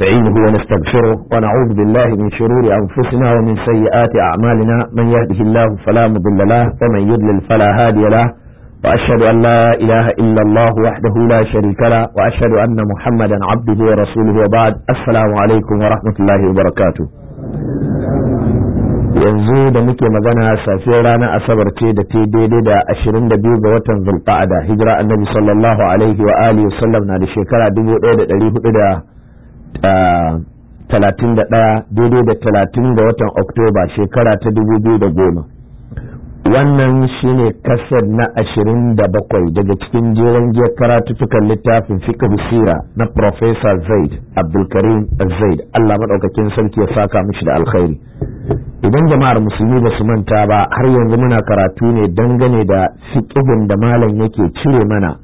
نستعينه ونستغفره ونعوذ بالله من شرور أنفسنا ومن سيئات أعمالنا من يهده الله فلا مضل له ومن يضلل فلا هادي له وأشهد أن لا إله إلا الله وحده لا شريك له وأشهد أن محمدا عبده ورسوله وبعد السلام عليكم ورحمة الله وبركاته yanzu da muke magana safiyar ranar asabar ce da ta daidai da 22 ga watan zulqa'ada hijira annabi sallallahu alaihi wa alihi wasallam na da shekara 1400 talatin da ɗaya daidai da talatin ga watan oktoba shekara ta dubu biyu da goma wannan shine kasar na ashirin da bakwai daga cikin jeren giyar karatuttukan littafin fiqh sira na Profesa zaid abdulkarim zaid allah maɗaukakin sarki ya saka mishi da alkhairi idan jama'ar musulmi ba su manta ba har yanzu muna karatu ne dangane da fiqhin da malam yake cire mana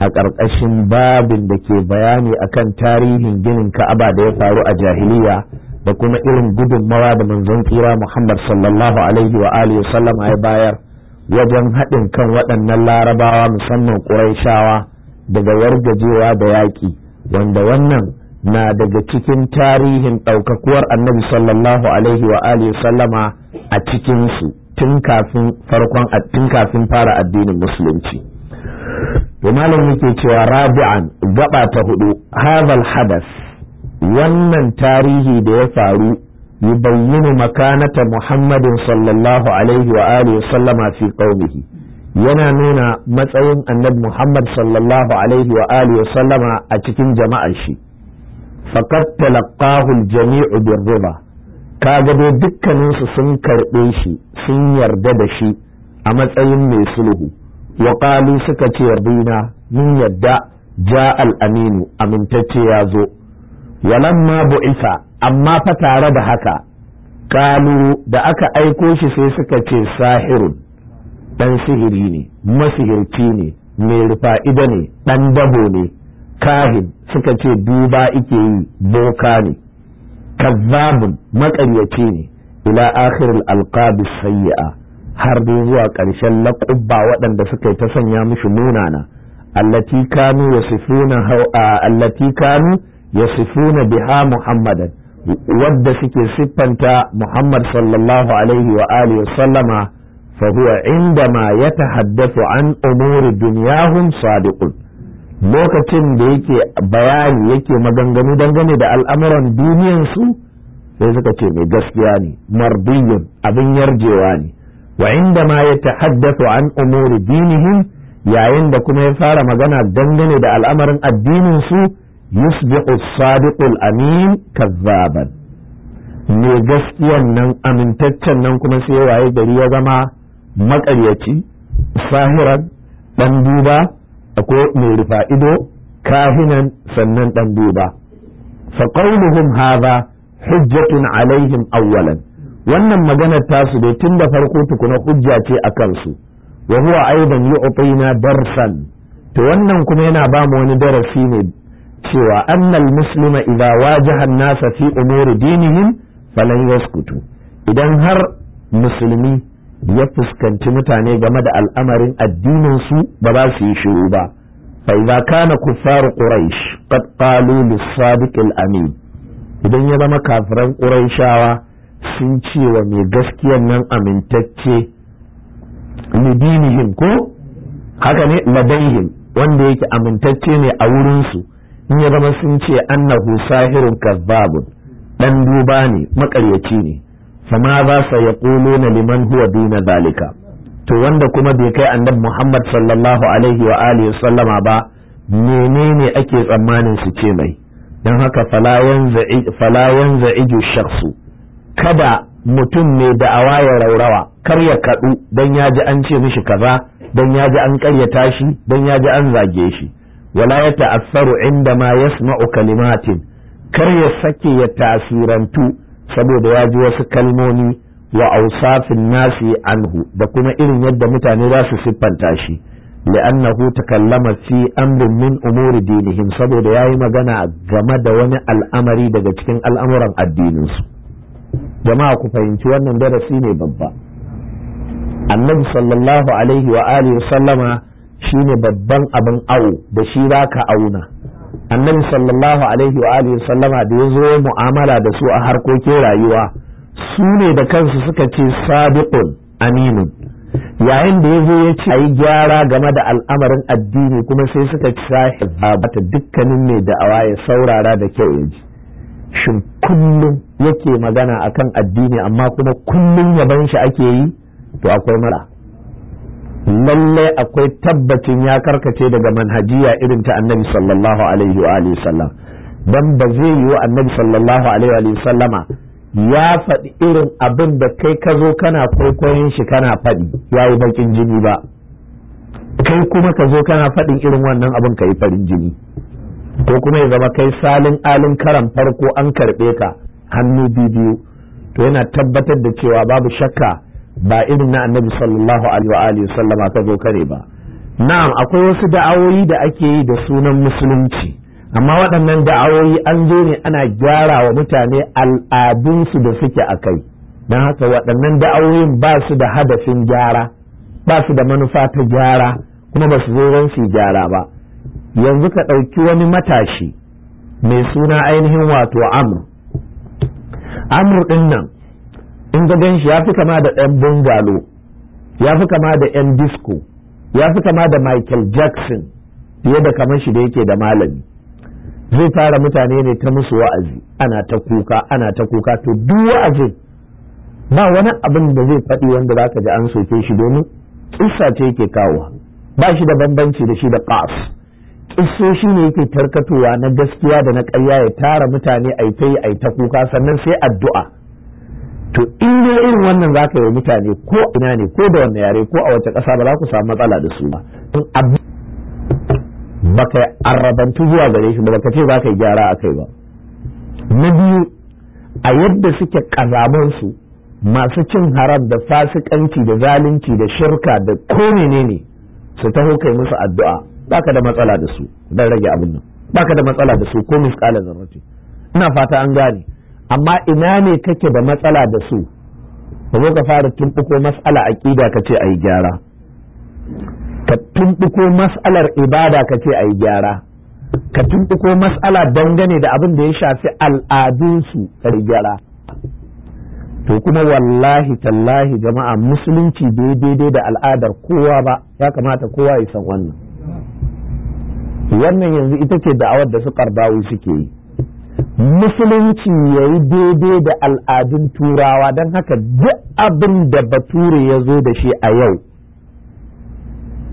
a ƙarƙashin babin da ke bayani a kan tarihin ginin ka'aba da ya faru a jahiliya da kuma irin gudunmawa da manzon tsira Muhammad sallallahu alaihi wa alihi sallama ya bayar wajen haɗin kan waɗannan larabawa musamman ƙuraishawa daga yargajewa da yaƙi wanda wannan na daga cikin tarihin ɗaukakuwar annabi sallallahu alaihi wa alihi sallama a cikinsu tun kafin farkon tun kafin fara addinin musulunci to malam yake cewa rabi'an gaba ta hudu hadhal hadas wannan tarihi da ya faru yi bayyana makanata muhammadin sallallahu alaihi wa alihi sallama fi qaumihi yana nuna matsayin annabi muhammad sallallahu alaihi wa alihi sallama a cikin jama'ar shi faqad talaqahu al-jami'u birriba kaga dai dukkaninsu sun karbe shi sun yarda da shi a matsayin mai sulhu wa suka ce yardina mun yadda ja al amintacce ya zo walamma bu'isa amma fa tare da haka kalu da aka aiko shi sai suka ce sahirun dan sihiri ne masihirci ne mai ida ne ɗan dabo ne kahin suka ce duba ike yi boka ne kazzabun maƙaryaci ne ila akhiril alqabi sayyi'a har dai zuwa ƙarshen laƙubba waɗanda suka yi ta sanya mishi munana allati kanu yasifuna allati kanu biha muhammadan wadda suke siffanta muhammad sallallahu alaihi wa alihi wa sallama fa huwa indama yatahaddathu an umuri dunyahum sadiqun lokacin da yake bayani yake maganganu dangane da al'amuran duniyansu sai suka ce mai gaskiya ne mardiyin abin yarjewa ne wa inda ma ya tahaddathu an umuri dinihim yayin da kuma ya fara magana dangane da al'amarin addinin su yusbihu sadiqul amin kazzaban me gaskiyan nan amintaccen nan kuma sai waye gari ya zama maƙaryaci sahiran dan duba akwai mai rufa ido kahinan sannan dan duba fa qawluhum hadha hujjatun alaihim awwalan wannan maganar tasu dai tun da farko tukuna hujja ce a kansu wa huwa aidan yu'tina darsan to wannan kuma yana ba mu wani darasi ne cewa annal muslima idza wajaha an-nasa fi umuri dinihim falan yaskutu idan har musulmi ya fuskanci mutane game da al'amarin addinin su ba za su yi shiru ba fa idza kana kuffar quraish qad qalu lis-sadiq al-amin idan ya zama kafiran quraishawa sun ce wa mai gaskiyar nan amintacce libinihim ko haka ne ladaihim wanda yake amintacce ne a wurinsu in ya zama sun ce annahu sahirun kazzabun dan duba ne makaryaci ne fama za sa ya na liman huwa duna zalika to wanda kuma bai kai annabi Muhammad sallallahu alaihi wa alihi sallama ba menene ake tsammanin su ce mai don haka falayen za'iju su. kada mutum ne da awa ya raurawa kar ya kaɗu don ya ji an ce mishi kaza don ya ji an ƙaryata shi don ya ji an zage shi wala ya ta'assaru inda ma yasma'u kalimatin kar ya sake ya tasirantu saboda ya ji wasu kalmomi wa ausafin nasi anhu da kuma irin yadda mutane za su siffanta shi li'annahu takallama fi amrin min umuri dinihim saboda ya yi magana game da wani al'amari daga cikin al'amuran addininsu jama'a ku fahimci wannan darasi ne babba annabi sallallahu alaihi wa alihi sallama shine babban abin awo da shi za ka auna annabi sallallahu alaihi wa alihi sallama da ya zo mu'amala da su a harkokin rayuwa su ne da kansu suka ce sadiqun aminun yayin da ya zo ya ce yi gyara game da al'amarin addini kuma sai suka ci bata dukkanin mai da'awa ya saurara da kyau ya shin kullum yake magana akan addini amma kuma kullum yaban shi ake yi to akwai mara lallai akwai tabbacin ya karkace daga manhajiya irin ta annabi sallallahu alaihi wa alihi sallam dan ba zai yi wa annabi sallallahu alaihi wa alihi sallama ya faɗi irin abin da kai ka zo kana kwaikwayon shi kana faɗi ya yi bakin jini ba kai kuma ka zo kana faɗin irin wannan abin ka yi farin jini ko kuma ya zama kai salin alin karan farko an karɓe ka hannu biyu to yana tabbatar da cewa babu shakka ba irin na annabi sallallahu alaihi wa sallama ta zo kare ba na'am akwai wasu da'awoyi da ake yi da sunan musulunci amma waɗannan da'awoyi an zo ne ana gyara wa mutane al'adunsu da suke a kai don haka waɗannan da'awoyin ba su da hadafin gyara ba su da manufa ta gyara kuma ba su zo don su gyara ba yanzu ka ɗauki wani matashi mai suna ainihin wato amur amur din nan in ga ganshi ya fi kama da ɗan bungalo ya fi kama da ɗan disco ya fi kama da michael jackson fiye da kamar shi da yake da malami zai fara mutane ne ta musu wa'azi ana ta kuka ana ta kuka to duk wa'azi ba wani abin da zai faɗi wanda za ka ji an soke shi domin kisa ce yake kawo ba shi da bambanci da shi da qas shi ne yake tarkatowa na gaskiya da na ƙarya ya tara mutane a ta yi a ta kuka sannan sai addu'a to in dai irin wannan zaka yi mutane ko ina ne ko da wanne yare ko a wace ƙasa ba za ku samu matsala da su ba baka arrabantu zuwa gare shi ba baka ce zaka yi gyara a kai ba na biyu a yadda suke kazamansu masu cin haram da fasikanci da zalunci da shirka da ko menene su taho kai musu addu'a baka da matsala da su dan rage abin nan baka da matsala da su ko misqala zarrati ina fata an gane amma ina ne kake da matsala da su ka zo ka fara tumbuko mas'ala aqida ka ce gyara ka tumbuko mas'alar ibada ka ce ayi gyara ka tumbuko mas'ala dangane da abin da ya shafi al'adunsu ayi gyara to kuma wallahi tallahi jama'a musulunci daidai da al'adar kowa ba ya kamata kowa ya san wannan wannan yanzu ita ce da'awar da su karbawi suke yi musulunci ya yi daidai da al'adun turawa don haka duk abin da bature ya zo da shi a yau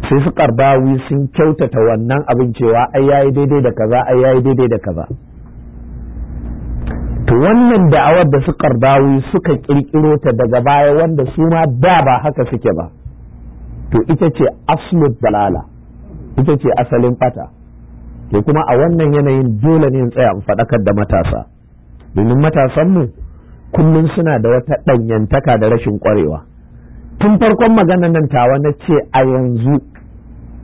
sai su karbawi sun kyautata wannan abin cewa ai yayi daidai da kaza ai yayi daidai da kaza to wannan da'awar da su karbawi suka kirkiro ta daga baya wanda su ma da ba haka suke ba to ita ce asalin dalala ita ce asalin fata Ke kuma a wannan yanayin dole ne in tsaya in faɗakar da matasa domin matasanmu kullum suna da wata ɗanyantaka da rashin ƙwarewa tun farkon maganar nan tawa na ce a yanzu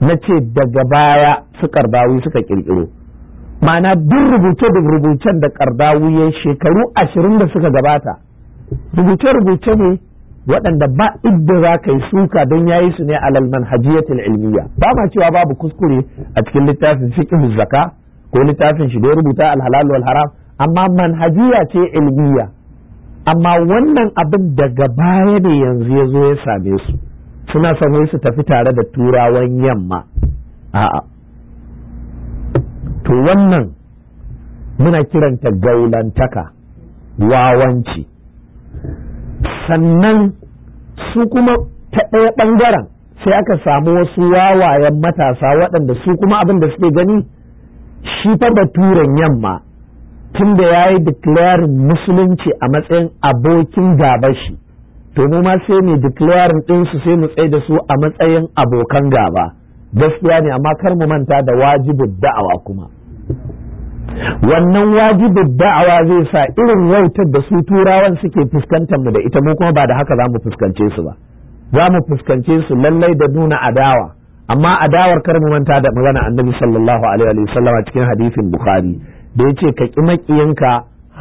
na ce daga baya su kardawi suka ƙirƙiro ma'ana duk rubuce da rubucen da kardawi ya shekaru ashirin da suka gabata rubuce-rubuce ne waɗanda ba idda za ka yi suka don ya yi su ne alal manhajiyatul ilmiya ba ma cewa babu kuskure a cikin littafin fiqh zaka ko littafin shi da ya rubuta alhalalu wal amma manhajiya ce ilmiya amma wannan abin daga baya ne yanzu ya zo ya same su suna son wai su tafi tare da turawan yamma a'a to wannan muna kiranta gaulantaka wawanci sannan su kuma ta ɗaya ɓangaren sai aka samu wasu wawayen matasa waɗanda su kuma abin da suke gani shi ta baturen yamma tun da ya yi declare musulunci a matsayin abokin gaba shi to mu ma sai mu declaring ɗinsu sai mu tsaye da su a matsayin abokan gaba gaskiya ne amma kar mu manta da wajibin da'awa kuma wannan wajibin da'awa zai sa irin wautar da su turawan suke fuskantar mu da ita mu kuma ba da haka za mu fuskance su ba za mu fuskance su lallai da nuna adawa amma adawar kar mu manta da magana annabi sallallahu alaihi wa sallama cikin hadisin bukhari da yace ka ki makiyanka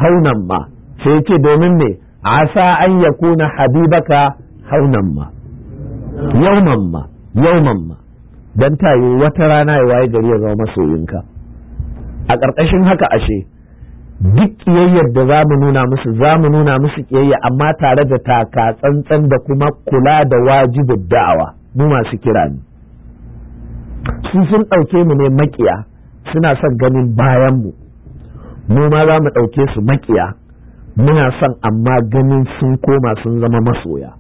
haunan ma sai yace domin me asa an yakuna habibaka haunan ma Yau ma yau ma dan tayi wata rana ya waye gari ya zama masoyinka a ƙarƙashin haka ashe duk ƙiyayyar da za mu nuna musu za mu nuna musu ƙiyayya amma tare da taka tsantsan da kuma kula da wajibin da'awa mu masu kira ne su sun ɗauke mu ne maƙiya suna son ganin bayan mu mu ma za mu ɗauke su maƙiya muna son amma ganin sun koma sun zama masoya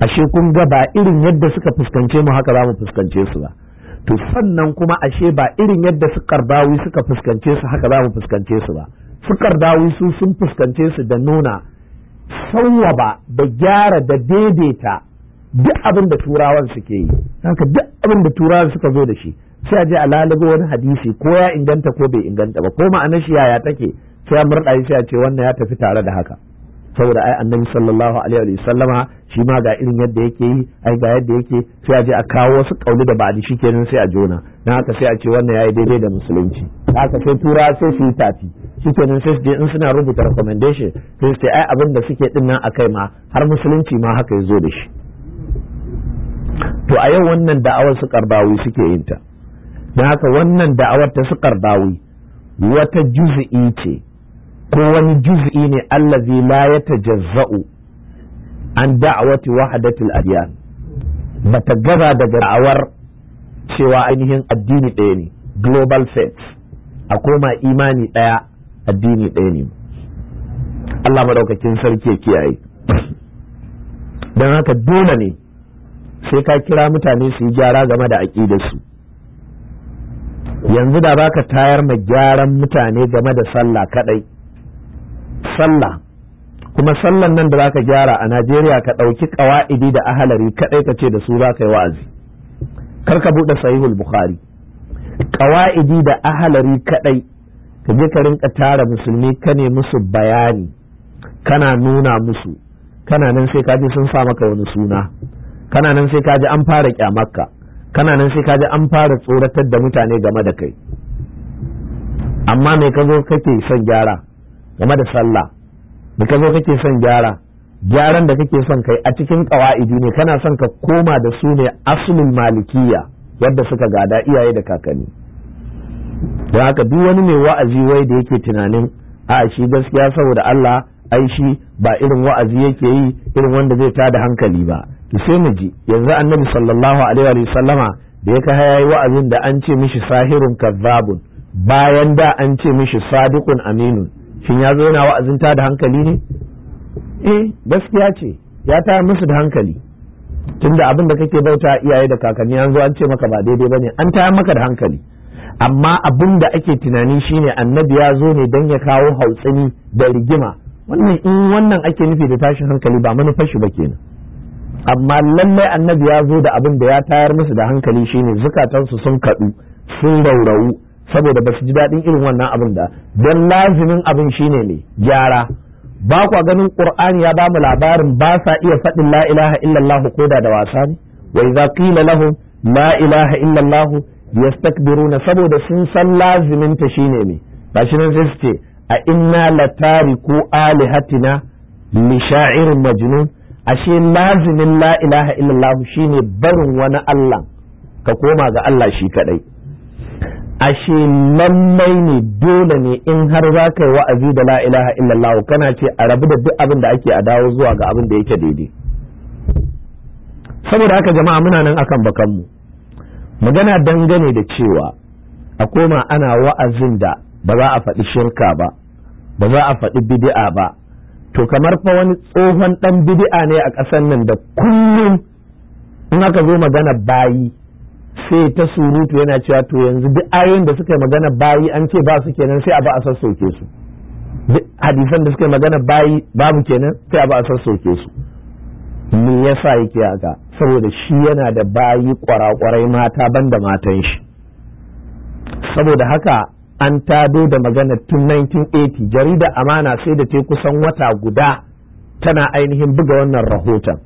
ashe kun ga ba irin yadda suka fuskance mu haka za mu fuskance su ba to sannan kuma ashe ba irin yadda su karbawi suka fuskance su haka za mu fuskance su ba su karbawi su sun fuskance su da nuna sauwaba da gyara da daidaita duk abin da turawan suke yi haka duk abin da turawan suka zo da shi sai a je a lalaga wani hadisi ko ya inganta ko bai inganta ba ko ma'ana shi yaya take sai a murɗa sai a ce wannan ya tafi tare da haka saboda ai annabi sallallahu alaihi wa sallama shi ma ga irin yadda yake yi ai ga yadda yake sai a je a kawo wasu kauli da ba'adi kenan sai a jona dan haka sai a ce wannan yayi daidai da musulunci haka sai tura sai su yi tafi kenan sai su je in suna rubuta recommendation sai su ce ai abin da suke din nan akai ma har musulunci ma haka ya zo da shi to a yau wannan da'awar su karbawi suke yin ta dan haka wannan da'awar ta su karbawi wata juz'i ce ko wani juz'i ne allazi la yatajazza'u an da'awati wahdatil adyan bata gaba daga da'awar cewa ainihin addini ɗaya ne global faith a koma imani ɗaya addini ɗaya ne Allah madaukakin sarki ya kiyaye Dan haka dole ne sai ka kira mutane su yi gyara game da aƙidarsu yanzu da baka tayar ma gyaran mutane game da sallah kadai sallah kuma sallan nan da za ka gyara a Najeriya ka ɗauki ƙawa'idi da ahalari kaɗai ka ce da su za ka yi wa'azi kar ka buɗe sahihul bukhari ƙawa'idi da ahalari kaɗai ka je ka rinka tara musulmi ka ne musu bayani kana nuna musu kana nan sai ka ji sun sa maka wani suna kana nan sai ka ji an fara kyamarka kana nan sai ka ji an fara tsoratar da mutane game da kai amma me ka zo kake son gyara game da sallah da ka zo kake son gyara gyaran da kake son kai a cikin ƙawa'idi ne kana son ka koma da su ne asulul malikiya yadda suka gada iyaye da kakanni don haka duk wani mai wa'azi wai da yake tunanin a shi gaskiya saboda Allah ai shi ba irin wa'azi yake yi irin wanda zai tada hankali ba to sai mu ji yanzu annabi sallallahu alaihi wa sallama da ya kai yayi wa'azin da an ce mishi sahirun kazzabun bayan da an ce mishi sadiqun aminun shin ya zo yana wa'azin ta da hankali ne eh gaskiya ce ya taya musu da hankali tunda abin da kake bauta iyaye da kakanni an zo an ce maka ba daidai bane an taya maka da hankali amma abin da ake tunani shine annabi ya zo ne don ya kawo hautsini da rigima wannan in wannan ake nufi da tashin hankali ba manufar shi ba kenan amma lallai annabi ya zo da abin da ya tayar musu da hankali shine zukatansu sun kaɗu sun raurawu saboda ba su ji daɗin irin wannan abin da don lazimin abin shine ne gyara ba kwa ganin qur'ani ya ba mu labarin ba sa iya faɗin la ilaha illallah ko da da wasa ne wa idza qila lahum la ilaha illallah yastakbiruna saboda sun san lazimin ta shine ne ba shi nan sai su ce a inna latariku alihatina li sha'irin majnun ashe lazimin la ilaha illallah shine barin wani Allah ka koma ga Allah shi kadai ashe lallai ne dole ne in har za ka yi wa'azi da la ilaha illallah kana ce a rabu da duk abin da ake a dawo zuwa ga abin da yake daidai saboda haka jama'a muna nan akan bakanmu magana dangane da cewa a koma ana wa'azin da ba za a faɗi shirka ba ba za a faɗi bid'a ba to kamar fa wani tsohon ɗan bid'a ne a ƙasar nan da kullum in aka zo magana bayi sai ta surutu yana cewa to yanzu duk ayoyin da suka yi magana bayi an ce ba su kenan sai a ba a sassauke su hadisan da suka yi magana bayi babu kenan sai a ba a sassauke su me yasa yake haka saboda shi yana da bayi kwarakwarai mata banda matan shi saboda haka an tado da magana tun 1980 jarida amana sai da ta kusan wata guda tana ainihin buga wannan rahoton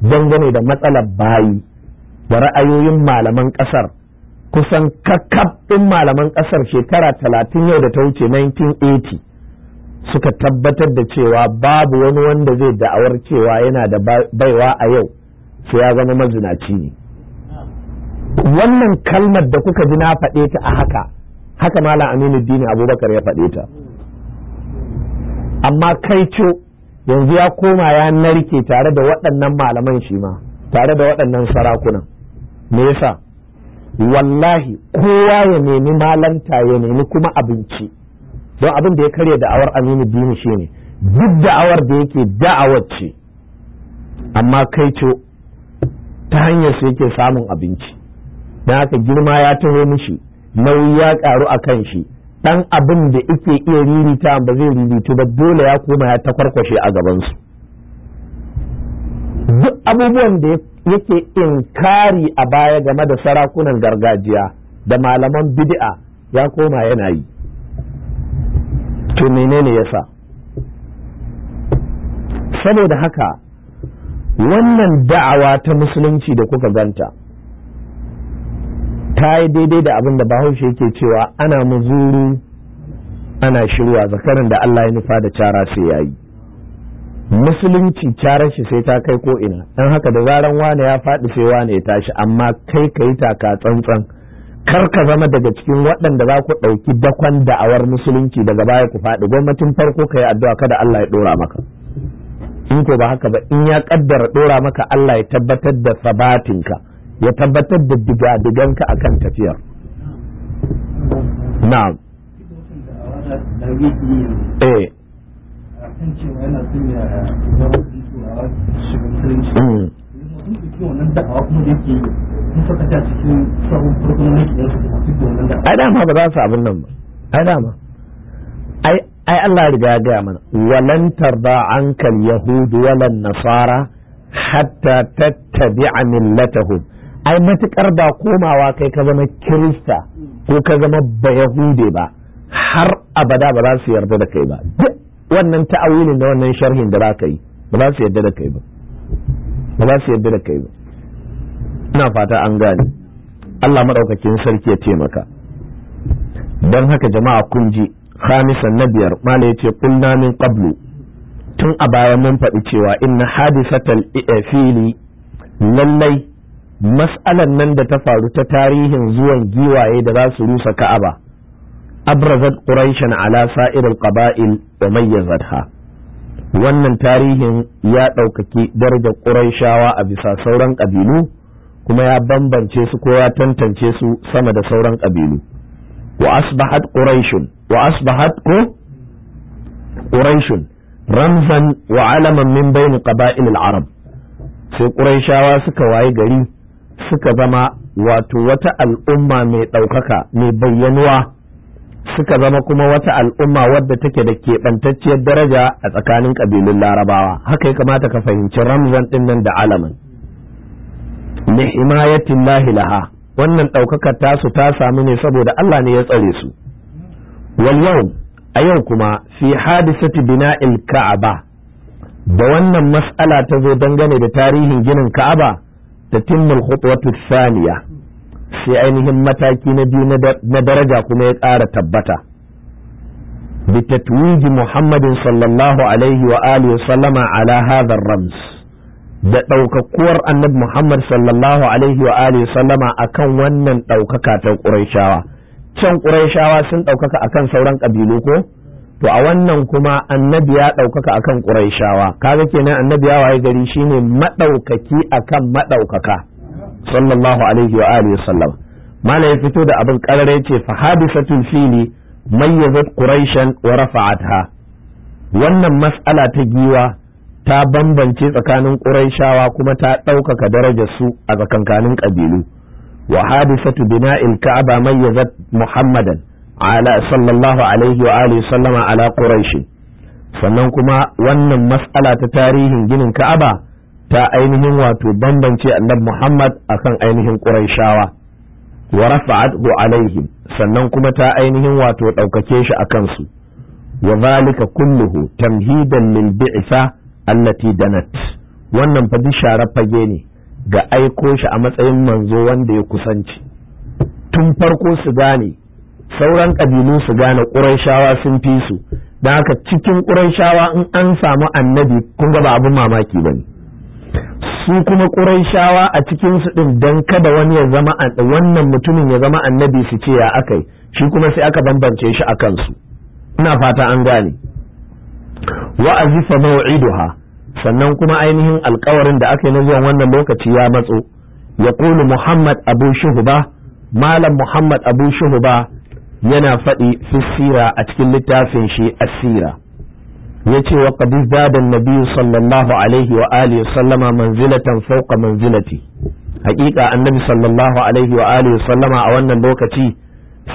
dangane da matsalar bayi da ra'ayoyin malaman ƙasar kusan kakkab ɗin malaman ƙasar shekara talatin yau da ta wuce 1980 suka tabbatar da cewa babu wani wanda zai da'awar cewa yana da baiwa a yau sai ya zama mazinaci ne wannan kalmar da kuka ji na faɗe ta a haka haka malam aminu dini abubakar ya faɗe ta amma kai ce yanzu ya koma ya narke tare da waɗannan malaman shi ma tare da waɗannan sarakunan me yasa wallahi kowa ya nemi malanta ya nemi kuma abinci don abin da ya karya da'awar aminu dini ne duk da'awar da yake da'awar ce amma kai ce ta hanyar su yake samun abinci don haka girma ya taho mishi nauyi ya karu a kan shi dan abin da yake iya ririta ba zai ririta ba dole ya koma ya takwarkwashe a gabansu duk abubuwan da ya yake inkari a baya game da sarakunan gargajiya da malaman bid'a ya koma yana yi to menene yasa saboda haka wannan da'awa ta musulunci da kuka ganta ta yi daidai da abin da bahaushe yake cewa ana muzuru ana shirwa zakaran da Allah ya nufa da cara sai yayi musulunci ta shi sai ta kai ko ina dan haka da zaran wane ya faɗi sai wane ya tashi amma kai ka yi taka tsantsan kar ka zama daga cikin waɗanda za ku ɗauki dakon da'awar musulunci daga baya ku faɗi gwamnatin farko ka yi addu'a kada Allah ya ɗora maka in ko ba haka ba in ya ƙaddara ɗora maka Allah ya tabbatar da sabatinka ya tabbatar da digadiganka akan tafiyar na'am ai dama ba za su abin nan ba ai dama ai Allah riga gaya mana walan tarda ankal yahud walan nasara hatta tattabi'a millatahum ai matukar ba komawa kai ka zama kirista ko ka zama ba yahude ba har abada ba za su yarda da kai ba duk wannan ta'awilin da wannan sharhin da za yi ba za su yadda da kai ba ba za su yadda da kai ba ina fata an gane Allah madaukakin sarki ya ce maka. don haka jama'a kun ji khamisan na biyar mala yace kunna min qablu tun a baya mun faɗi cewa inna hadisatal eh, fili lallai mas'alan nan da ta faru ta tarihin zuwan giwaye da za su rusa ka'aba abrazat quraishan ala al qaba'il wa mayyazatha wannan tarihin ya ɗaukaki darajar ƙurayshawa a bisa sauran ƙabilu kuma ya bambance su ko ya tantance su sama da sauran ƙabilu wa asbahat quraishun wa asbahat ko quraishun ramzan wa alaman min bayni qaba'il al-arab sai quraishawa suka waye gari suka zama wato wata al'umma mai ɗaukaka mai bayyanuwa suka zama kuma wata al'umma wadda take da keɓantacciyar daraja a tsakanin ƙabilun larabawa haka ya kamata ka fahimci ramzan ɗin nan da alaman li himayatin lahi laha wannan ɗaukakar tasu ta samu ne saboda Allah ne ya tsare su wal yau a yau kuma fi hadisati bina'il ka'aba da wannan mas'ala ta zo dangane da tarihin ginin ka'aba da timmul khutwatu thaniya sai ainihin mataki na biyu na daraja kuma ya ƙara tabbata bi tatwiji muhammadin sallallahu alaihi wa alihi sallama ala hadar rams da ɗaukakuwar annabi muhammad sallallahu alaihi wa alihi sallama akan wannan ɗaukaka ta ƙuraishawa can ƙuraishawa sun ɗaukaka akan sauran ƙabilu ko to a wannan kuma annabi ya ɗaukaka akan Ka kaga kenan annabi ya waye gari shine maɗaukaki akan maɗaukaka sallallahu alaihi wa alihi wasallam mala ya fito da abin karare yace fa hadisatul fili mayyazat quraishan wa rafa'atha wannan mas'ala ta giwa ta bambance tsakanin quraishawa kuma ta ɗaukaka darajar su a tsakankanin kabilu wa hadisatu bina'il ka'aba mayyazat muhammadan ala sallallahu alaihi wa alihi sallama ala quraish sannan kuma wannan mas'ala ta tarihin ginin ka'aba ta ainihin wato bambance annabi Muhammad akan ainihin Quraishawa wa rafa'athu alaihim sannan kuma ta ainihin wato ɗaukake shi a kansu wa zalika kulluhu tamhidan min bi'sa allati danat wannan fa duk sharar fage ne ga aiko shi a matsayin manzo wanda ya kusanci tun farko su gane sauran ƙabilu su gane Quraishawa sun fi su da haka cikin Quraishawa in an samu annabi kun ga ba abin mamaki bane su kuma ƙuraishawa a cikin su din dan kada wani ya zama wannan mutumin ya zama annabi su ce ya akai shi kuma sai aka bambance shi a kansu ina fata an gane wa'azi fa maw'iduha sannan kuma ainihin alkawarin da aka yi na zuwan wannan lokaci ya matso ya kulu muhammad abu shuhuba malam muhammad abu shuhuba yana faɗi fissira a cikin littafin shi asira Ya wa qad zada an sallallahu alaihi wa alihi sallama manzilatan fawqa manzilati haƙiƙa annabi sallallahu alaihi wa alihi sallama a wannan lokaci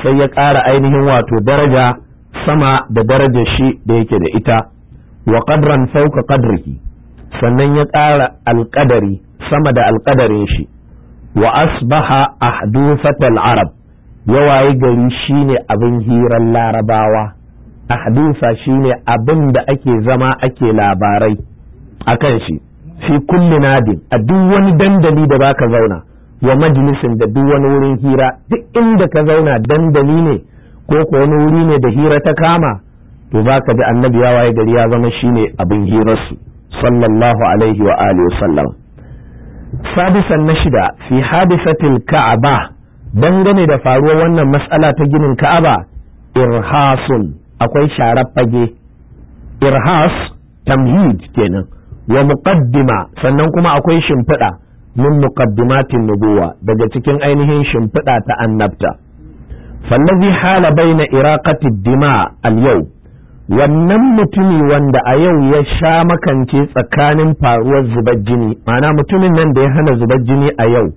sai ya ƙara ainihin wato daraja sama da darajar shi da yake da ita wa qadran fawqa qadrihi sannan ya ƙara alƙadari sama da alƙadarin shi wa asbaha ahduthatal arab yawaye gari shine abin hirar larabawa ahdusa shine abin da ake zama ake labarai a kan shi fi kulli nadin a duk wani dandali da zaka zauna wa majalisin da duk wani wurin hira duk inda ka zauna dandali ne ko ko wani wuri ne da hira ta kama to zaka ji annabi ya waye gari ya zama shine abin hirarsu sallallahu alaihi wa alihi wasallam sadisan na shida fi hadisatil ka'aba dangane da faruwar wannan mas'ala ta ginin ka'aba irhasun akwai sharar fage irhas tamhid kenan wa muqaddima sannan kuma akwai shimfiɗa min muqaddimatin nubuwa daga cikin ainihin shimfiɗa ta annabta fallazi hala baina iraqati dima al yau wannan mutumi wanda a yau ya sha makance tsakanin faruwar zubar jini ma'ana mutumin nan da ya hana zubar jini a yau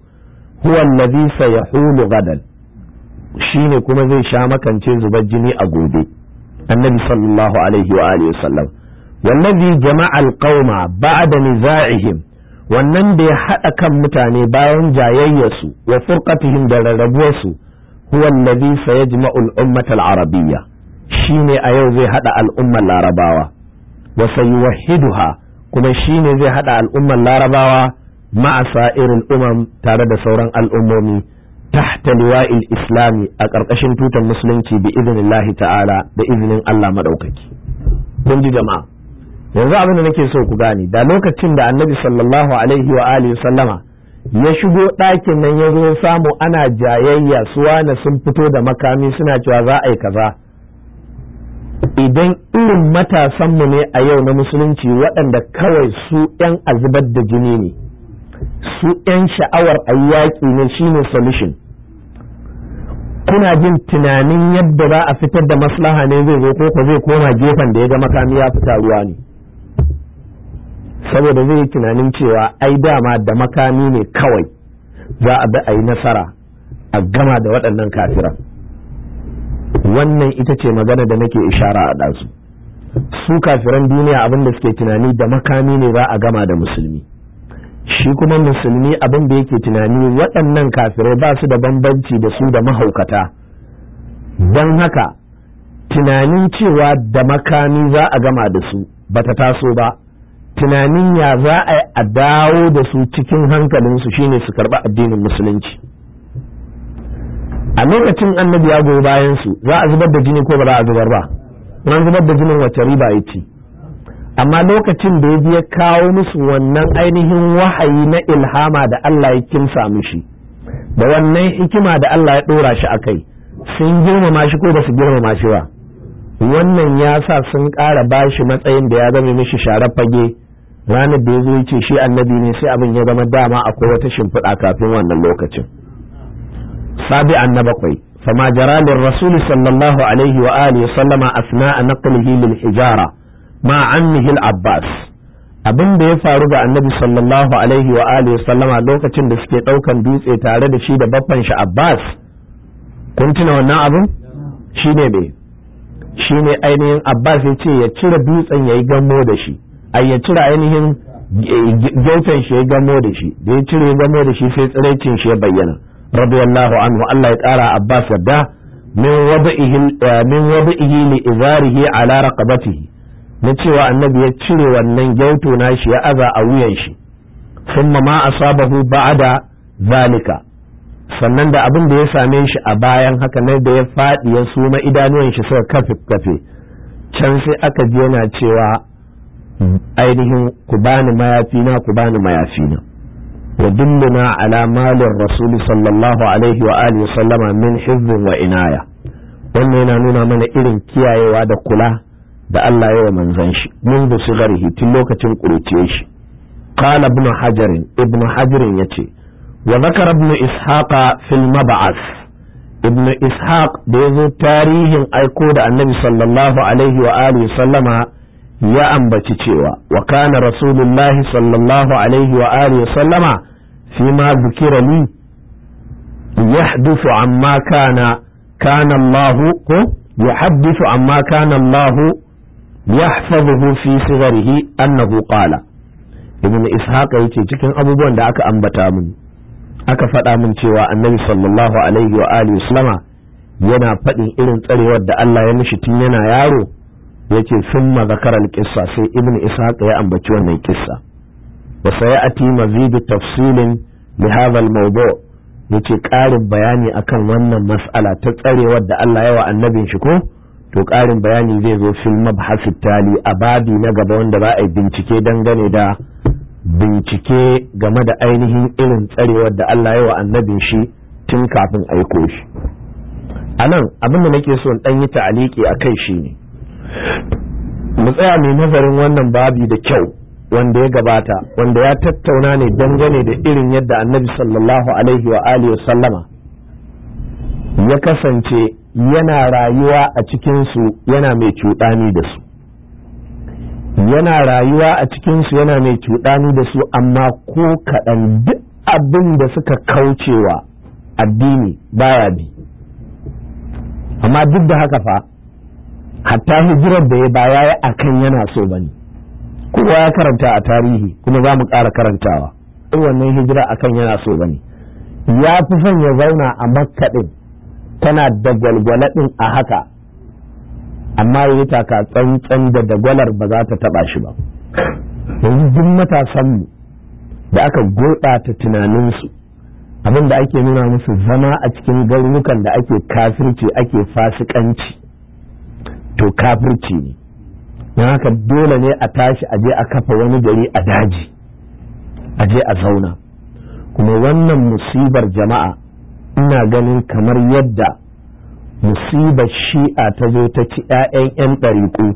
huwa allazi sayahulu gadan shine kuma zai sha makance zubar jini a gobe annabi sallallahu alaihi wa alihi wasallam wallazi jama'al qauma ba'da niza'ihim wannan da ya haɗa kan mutane bayan jayayyarsu wa furqatihim da rarrabuwarsu huwa allazi sayajma'u al-ummata al-arabiyya shine a yau zai haɗa al'ummar larabawa wa hiduha kuma shine zai haɗa al'ummar larabawa ma'a sa'irin umam tare da sauran al'ummomi تحت لواء islami a ƙarƙashin tutar musulunci bi iznillahi ta'ala da izinin Allah madaukaki kun ji jama'a yanzu abin da nake so ku gane da lokacin da annabi sallallahu alaihi wa alihi sallama ya shigo ɗakin nan ya zo samu ana jayayya suwana na sun fito da makami suna cewa za a yi kaza idan irin matasanmu ne a yau na musulunci waɗanda kawai su 'yan azubar da jini ne su 'yan sha'awar a yaƙi ne shine solution kuna jin tunanin yadda za a fitar da maslaha ne zai zo ko zai koma gefen da ya ga makami ya fita ruwa ne saboda zai yi tunanin cewa ai dama da makami ne kawai za a bi a yi nasara a gama da waɗannan kafiran wannan ita ce magana da nake ishara a ɗansu su kafiran duniya abinda suke tunani da makami ne za a gama da musulmi shi kuma musulmi abin da yake tunani waɗannan kafirai ba su da bambanci da su da mahaukata don haka tunanin cewa da makami za a gama da su ba ta taso ba tunanin ya za a dawo da su cikin hankalinsu shi ne su karɓi addinin musulunci a lokacin annabi ya goyi bayansu za a zubar da jini ko ba za a zubar ba ran zubar da jinin wacce riba ya ci amma lokacin da ya biya kawo musu wannan ainihin wahayi na ilhama da Allah ya kimsa mishi da wannan hikima da Allah ya dora shi akai sun girmama shi ko ba su girmama shi ba wannan ya sa sun ƙara ba shi matsayin da ya zama mishi sharar fage ranar da ya zo ce shi annabi ne sai abin ya zama dama akwai wata shimfiɗa kafin wannan lokacin sabi na bakwai fama jara rasul sallallahu alaihi wa alihi sallama asna'a naqlihi lil hijara ma annihil abbas abin da ya faru ga annabi sallallahu alaihi wa alihi sallama lokacin da suke daukan dutse tare da shi da babban shi abbas kun tuna wannan abin shine me shine ainihin abbas ya ce ya cire dutsen yayi gammo da shi ai ya cire ainihin gefen shi ya gamo da shi da ya cire gamo da shi sai tsiraicin shi ya bayyana radiyallahu anhu Allah ya kara abbas yadda min wada'ihi min wada'ihi li izarihi ala raqabatihi na cewa annabi ya cire wannan gyauto shi ya aza a wuyan shi thumma ma asabahu ba'da zalika sannan da abin da ya same shi a bayan haka na da ya faɗi ya suma idanuwan shi suka kafe kafe can sai aka ji yana cewa ainihin ku bani mayafina ku bani mayafina ala على rasul sallallahu alaihi wa alihi sallama min من wa inaya wannan yana nuna mana irin kiyayewa da kula da Allah ya manzan shi mun da sigarihi tun lokacin ƙuruciyar shi qala ibn hajar ibn hajar yace wa zakara ibn ishaqa fil mab'ath ibn ishaq da ya zo tarihin aiko da annabi sallallahu alaihi wa alihi sallama ya ambaci cewa wa kana rasulullahi sallallahu alaihi wa alihi sallama fi ma zikira li yahdithu amma kana kana Allah ko يحدث عما كان الله yahfazuhu fi sigarihi annahu qala ibn ishaq yace cikin abubuwan da aka ambata min. aka faɗa min cewa annabi sallallahu alaihi wa alihi yana faɗin irin tsarewar da Allah ya mishi tun yana yaro yace summa zakara alqissa sai ibn ishaq ya ambaci wannan kisa. wa sayati mazidu tafsirin li hadha almawdu yace ƙarin bayani akan wannan mas'ala ta tsarewar da Allah ya wa annabin shi ko to ƙarin bayani zai zo fil mabhasu tali a babi na gaba wanda za a yi bincike dangane da bincike game da ainihin irin tsarewar da Allah ya wa annabin shi tun kafin aiko shi a nan abin da nake so ɗan yi ta'aliki a kai shi ne mu tsaya mai nazarin wannan babi da kyau wanda ya gabata wanda ya tattauna ne dangane da irin yadda annabi sallallahu alaihi wa alihi sallama ya kasance yana rayuwa a cikinsu yana mai cuɗani da su yana rayuwa a cikinsu yana mai cuɗani da su amma ko kaɗan duk abin da suka kaucewa addini baya bi amma duk da haka fa hatta hijirar da ya baya ya akan yana so bane kowa ya karanta a tarihi kuma za mu ƙara karantawa wannan hijira akan yana so bane ya fi son ya zauna a makkaɗin tana da gwalgwala ɗin a haka amma ya taka tsantsan da dagwalar ba za ta taɓa shi ba yanzu duk matasanmu da aka tunanin tunaninsu abin da ake nuna musu zama a cikin garurukan da ake kafirci ake fasikanci to kafirci ne don haka dole ne a tashi a je a kafa wani gari a daji a je a zauna kuma wannan musibar jama'a ina ganin kamar yadda musibar shi'a ta zo ta ci 'ya'yan 'yan ɗariƙu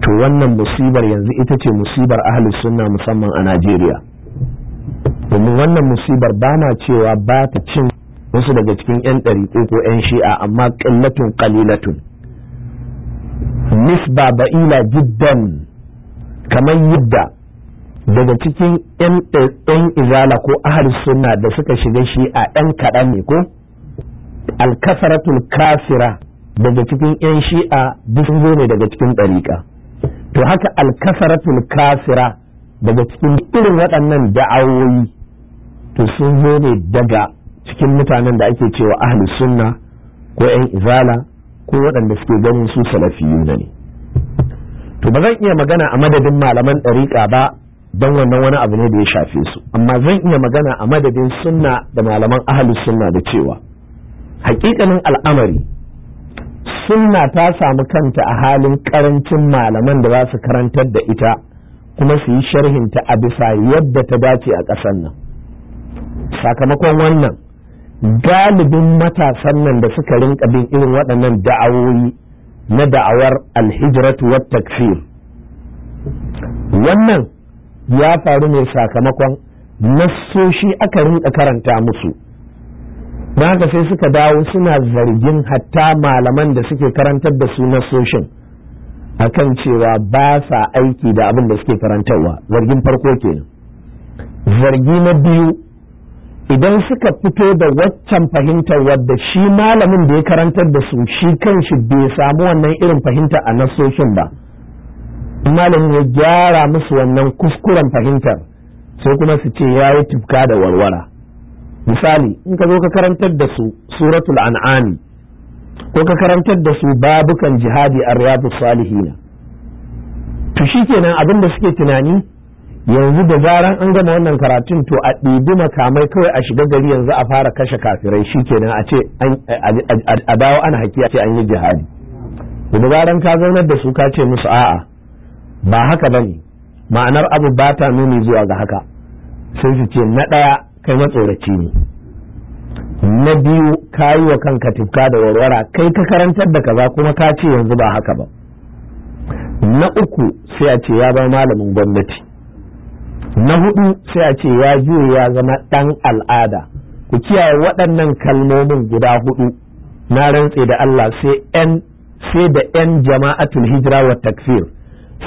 to wannan musibar yanzu ita ce musibar ahalus sunna musamman a najeriya domin wannan musibar ba na cewa ba ta cin wasu daga cikin 'yan ɗariƙu ko 'yan shi'a amma ƙillatun ƙalilatun nisba ba'ila jiddan kamar yadda daga cikin yan izala ko ahal suna da suka shiga shi a yan kaɗan ne ko alkasaratul kafira daga cikin yan shi'a dusun zo ne daga cikin ɗariƙa to haka alkasaratul kafira daga cikin irin waɗannan da'awoyi to sun zo ne daga cikin mutanen da ake cewa ahal suna ko yan izala ko waɗanda suke ganin su salafiyuna ne to ba zan iya magana a madadin malaman ɗariƙa ba don wannan wani abu ne da ya shafe su amma zan iya magana a madadin sunna da malaman ahalus sunna da cewa hakikanin al'amari sunna ta samu kanta a halin karancin malaman da za su karantar da ita kuma su yi sharhinta a bisa yadda ta dace a ƙasar nan sakamakon wannan galibin matasan nan da suka rinka bin irin waɗannan da'awoyi na da'awar alhijratu wa takfir wannan ya faru ne sakamakon nassoshi aka rinka karanta musu don haka sai suka dawo suna zargin hatta malaman da suke karantar da su nassoshin akan cewa ba sa aiki da abin da suke karantarwa zargin farko kenan zargi na biyu idan suka fito da waccan fahimtar wadda shi malamin da ya karantar da su shi kanshi bai samu wannan irin fahimta a nasoshin ba malamin ya gyara musu wannan kuskuren fahimtar sai kuma su ce ya yi tufka da warwara misali in ka zo ka karantar da su suratul an'ami ko ka karantar da su babukan jihadi a riyadu salihina to kenan abin da suke tunani yanzu da zaran an gama wannan karatun to a ɗibi makamai kawai a shiga gari yanzu a fara kashe kafirai shikenan a ce a dawo ana haƙi a ce an yi jihadi da zaran ka zaunar da su ka ce musu a'a ba haka ba ne ma'anar abu ba ta nuni zuwa ga haka sai su ce na ɗaya kai matsoraci ne na biyu ka yi wa kanka tufka da warwara kai ka karantar da kaza kuma ka ce yanzu ba haka ba na uku sai a ce ya bar malamin gwamnati na hudu sai a ce ya juye ya zama ɗan al'ada ku kiyaye waɗannan kalmomin gida hudu na rantse da Allah sai da 'yan jama'atul hijira wa takfir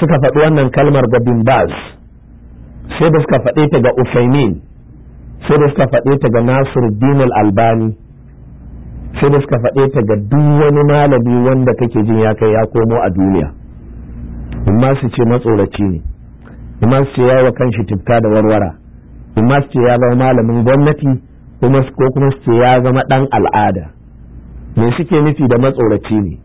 suka faɗi wannan kalmar ga bin sai da suka faɗe ta ga usaimin sai da suka faɗe ta ga nasiru dinul albani sai da suka faɗe ta ga duk wani malami wanda kake jin ya kai ya komo a duniya Amma su ce matsoraci ne amma su ce ya wa kanshi tifka da warwara amma su ce ya zama malamin gwamnati ko kuma su ce ya zama ɗan al'ada me suke nufi da matsoraci ne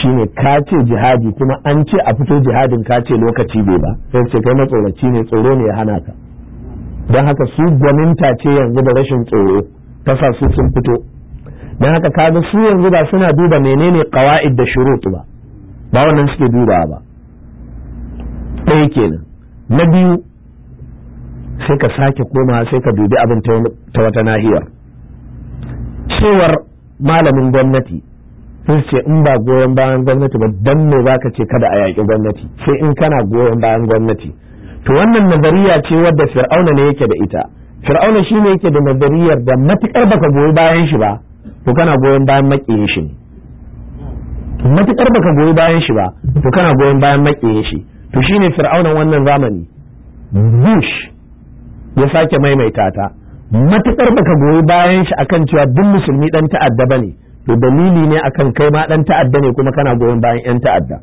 Shi ne ka ce jihadi kuma an ce a fito jihadin ka ce lokaci bai ba sai ce kai matsoraci ne tsoro ne ya hana ka don haka su gwaninta ce yanzu da rashin tsoro ta sa su sun fito don haka kaga su yanzu ba suna duba menene qawaid da shurut ba ba wannan suke duba ba ɗaya kenan na biyu sai ka sake koma sai ka dubi abin ta wata nahiyar cewar malamin gwamnati sai ce in ba goyon bayan gwamnati ba dan me zaka ce kada a yaƙi gwamnati sai in kana goyon bayan gwamnati to wannan nazariya ce wadda fir'auna ne yake da ita fir'auna shi ne yake da nazariyar da matuƙar baka goyi bayan shi ba to kana goyon bayan makiyin shi matuƙar baka goyi bayan shi ba to kana goyon bayan makiyin shi to shine fir'aunan wannan zamani bush ya sake maimaita ta matuƙar baka goyi bayan shi akan cewa duk musulmi dan ta'adda bane to dalili ne akan kai ma dan ta'adda ne kuma kana goyon bayan yan ta'adda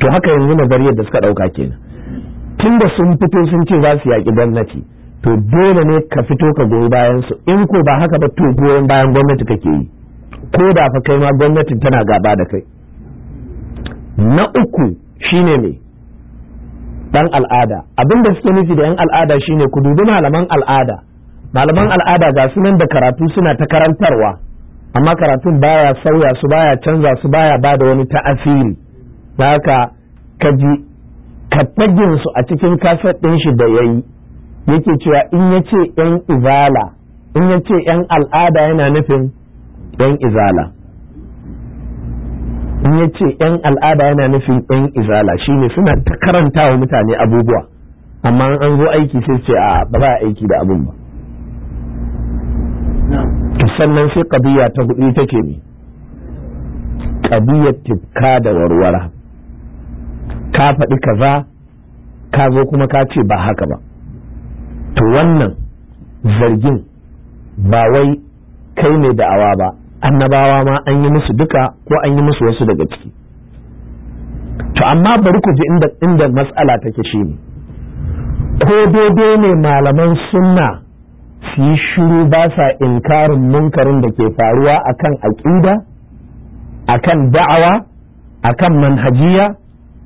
to haka yanzu nazariyar da suka dauka kenan da sun fito sun ce za su yaƙi gwamnati to dole ne ka fito ka goyi bayan su in ko ba haka ba to goyon bayan gwamnati kake yi ko da fa kai ma gwamnatin tana gaba da kai na uku shine ne dan al'ada abin da suke nufi da yan al'ada shine ku dubi malaman al'ada malaman al'ada ga su nan da karatu suna ta karantarwa amma karatun baya sauya su baya canza su baya ba da wani ta'asiri da haka ka ji su a cikin kaset ɗin shi da yayi yake cewa in ya ce yan izala in ya ce yan al'ada yana nufin yan izala in ya ce yan al'ada yana nufin yan izala shine suna ta karanta wa mutane abubuwa amma an zo aiki sai ce a ba za aiki da abun ba to sannan sai kabiya ta hudu take ne kabiyar tifka da warwara ka faɗi kaza ka zo kuma ka ce ba haka ba to wannan zargin ba wai kai ne da'awa ba annabawa ma an yi musu duka ko an yi musu wasu daga ciki to amma bari ku ji inda matsala take shi ne ko dodo ne malaman sunna su yi shiru ba sa inkarin munkarin da ke faruwa a kan aƙida akan da'awa akan manhajiya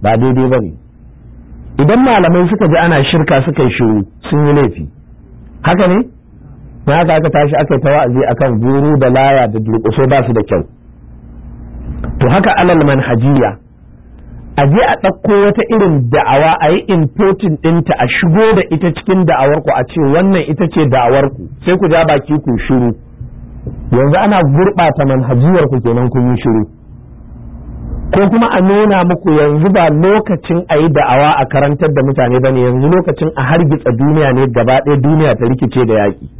ba daidai ba ne idan malamai suka ji ana shirka suka yi shiru sun yi laifi haka ne na haka aka tashi aka yi ta wa'azi akan buru da laya da durƙuso ba su da kyau to haka alal manhajiya a je a ɗauko wata irin da'awa a yi importin ɗinta a shigo da ita cikin da'awarku a ce wannan ita ce da'awarku sai ku ja baki ku shiru yanzu ana gurɓata manhajiyarku kenan kun yi shiru ko kuma a nuna muku yanzu ba lokacin a yi da'awa a karantar da mutane ba ne yanzu lokacin a hargitsa duniya ne gaba ɗaya duniya ta rikice da yaƙi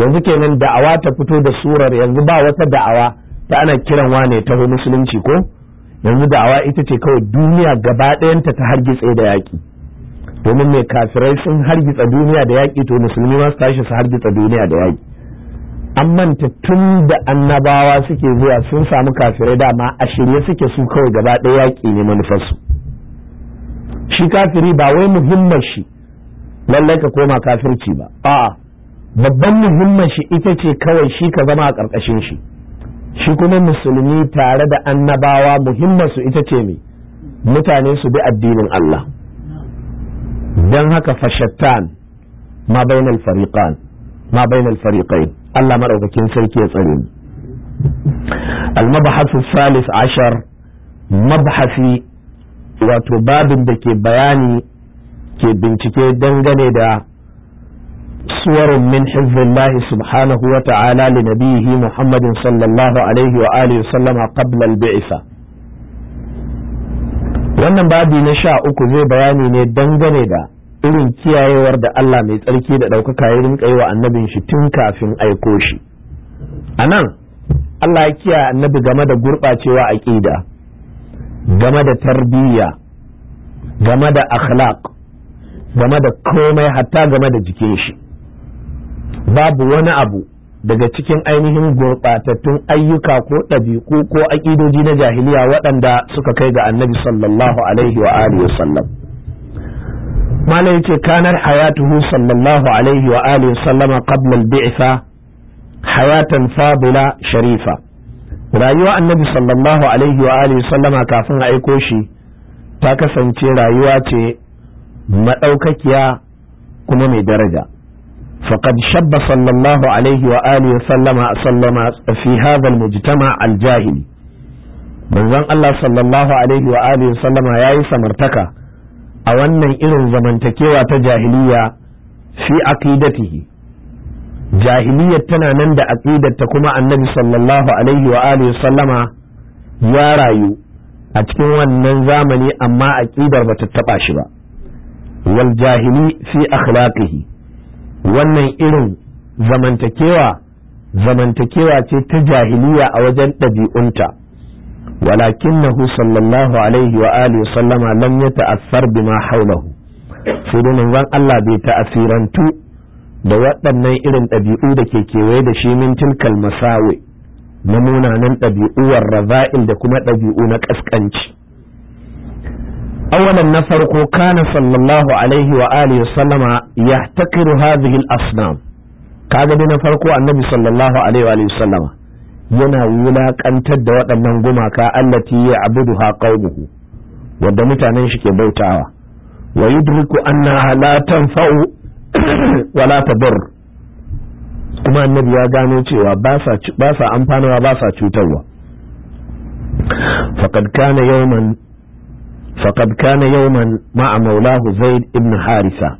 yanzu kenan da'awa ta fito da surar yanzu ba wata da'awa ta ana kiran ne taho musulunci ko yanzu da'awa ita ce kawai duniya gaba ɗayanta ta hargitse da yaƙi domin mai kafirai sun hargitsa duniya da yaƙi to musulmi masu tashi su hargitsa duniya da yaƙi an manta tun da annabawa suke zuwa sun samu kafirai dama a shirye suke su kawai gaba ɗaya yaƙi ne manufarsu shi kafiri ba wai muhimmar shi lallai ka koma kafirci ba a'a babban muhimmar shi ita ce kawai shi ka zama a ƙarƙashin shi shi kuma musulmi tare da annabawa muhimmansu ita ce me mutane su bi addinin Allah don haka fashattan ma bainal fariqan ma bainal fariqain Allah madaukakin sarki ya tsare mu salis ashar mabhasi wato babin da ke bayani ke bincike dangane da صور من حفظ الله سبحانه وتعالى لنبيه محمد صلى الله عليه وآله وسلم قبل البعثة wannan babi na sha uku zai bayani ne dangane da irin kiyayewar da Allah mai tsarki da ɗaukaka ya rinka yi wa annabin shi tun kafin aiko shi a nan Allah ya kiyaye annabi game da gurɓacewa aƙida game da tarbiyya game da akhlaq game da komai hatta game da jikin shi babu wani abu daga cikin ainihin gurɓatattun ayyuka ko ɗabi'u ko aƙidoji na jahiliya waɗanda suka kai ga annabi sallallahu alaihi wa alihi wasallam mala yace kanar hayatuhu sallallahu alaihi wa alihi wasallama qabla al-bi'tha hayatan fadila sharifa rayuwa annabi sallallahu alaihi wa alihi wasallama kafin a aiko shi ta kasance rayuwa ce madaukakiya kuma mai daraja فقد شب صلى الله عليه وآله وسلم سلم في هذا المجتمع الجاهلي manzon Allah sallallahu alaihi wa alihi sallama yayi samartaka a wannan irin zamantakewa ta jahiliya fi aqidatihi jahiliyar tana nan da aqidarta kuma annabi sallallahu alaihi wa sallama ya rayu a cikin wannan zamani amma aƙidar bata taba shi ba wal jahili fi wannan irin zamantakewa zamantakewa ce ta jahiliya a wajen ɗabi'unta walakinahu sallallahu alaihi wa alihi sallama lam yata'assar bima haulahu sai dai manzon Allah bai ta'asirantu da waɗannan irin ɗabi'u da ke kewaye da shi min tilkal masawi na munanan ɗabi'u war da kuma ɗabi'u na ƙasƙanci awalan na farko kana sallallahu alaihi wa alihi wasallama yahtaqiru hadhihi al-asnam kaga dai na farko annabi sallallahu alaihi wa alihi wasallama yana wulakantar da waɗannan gumaka allati ya'buduha qaumuhu wanda mutanen shi ke bautawa wa yudriku annaha la tanfa'u wa la tadur kuma annabi ya gano cewa ba amfanawa basa cutarwa faqad kana yawman faqad kana yawman ma'a maulahu zaid ibn harisa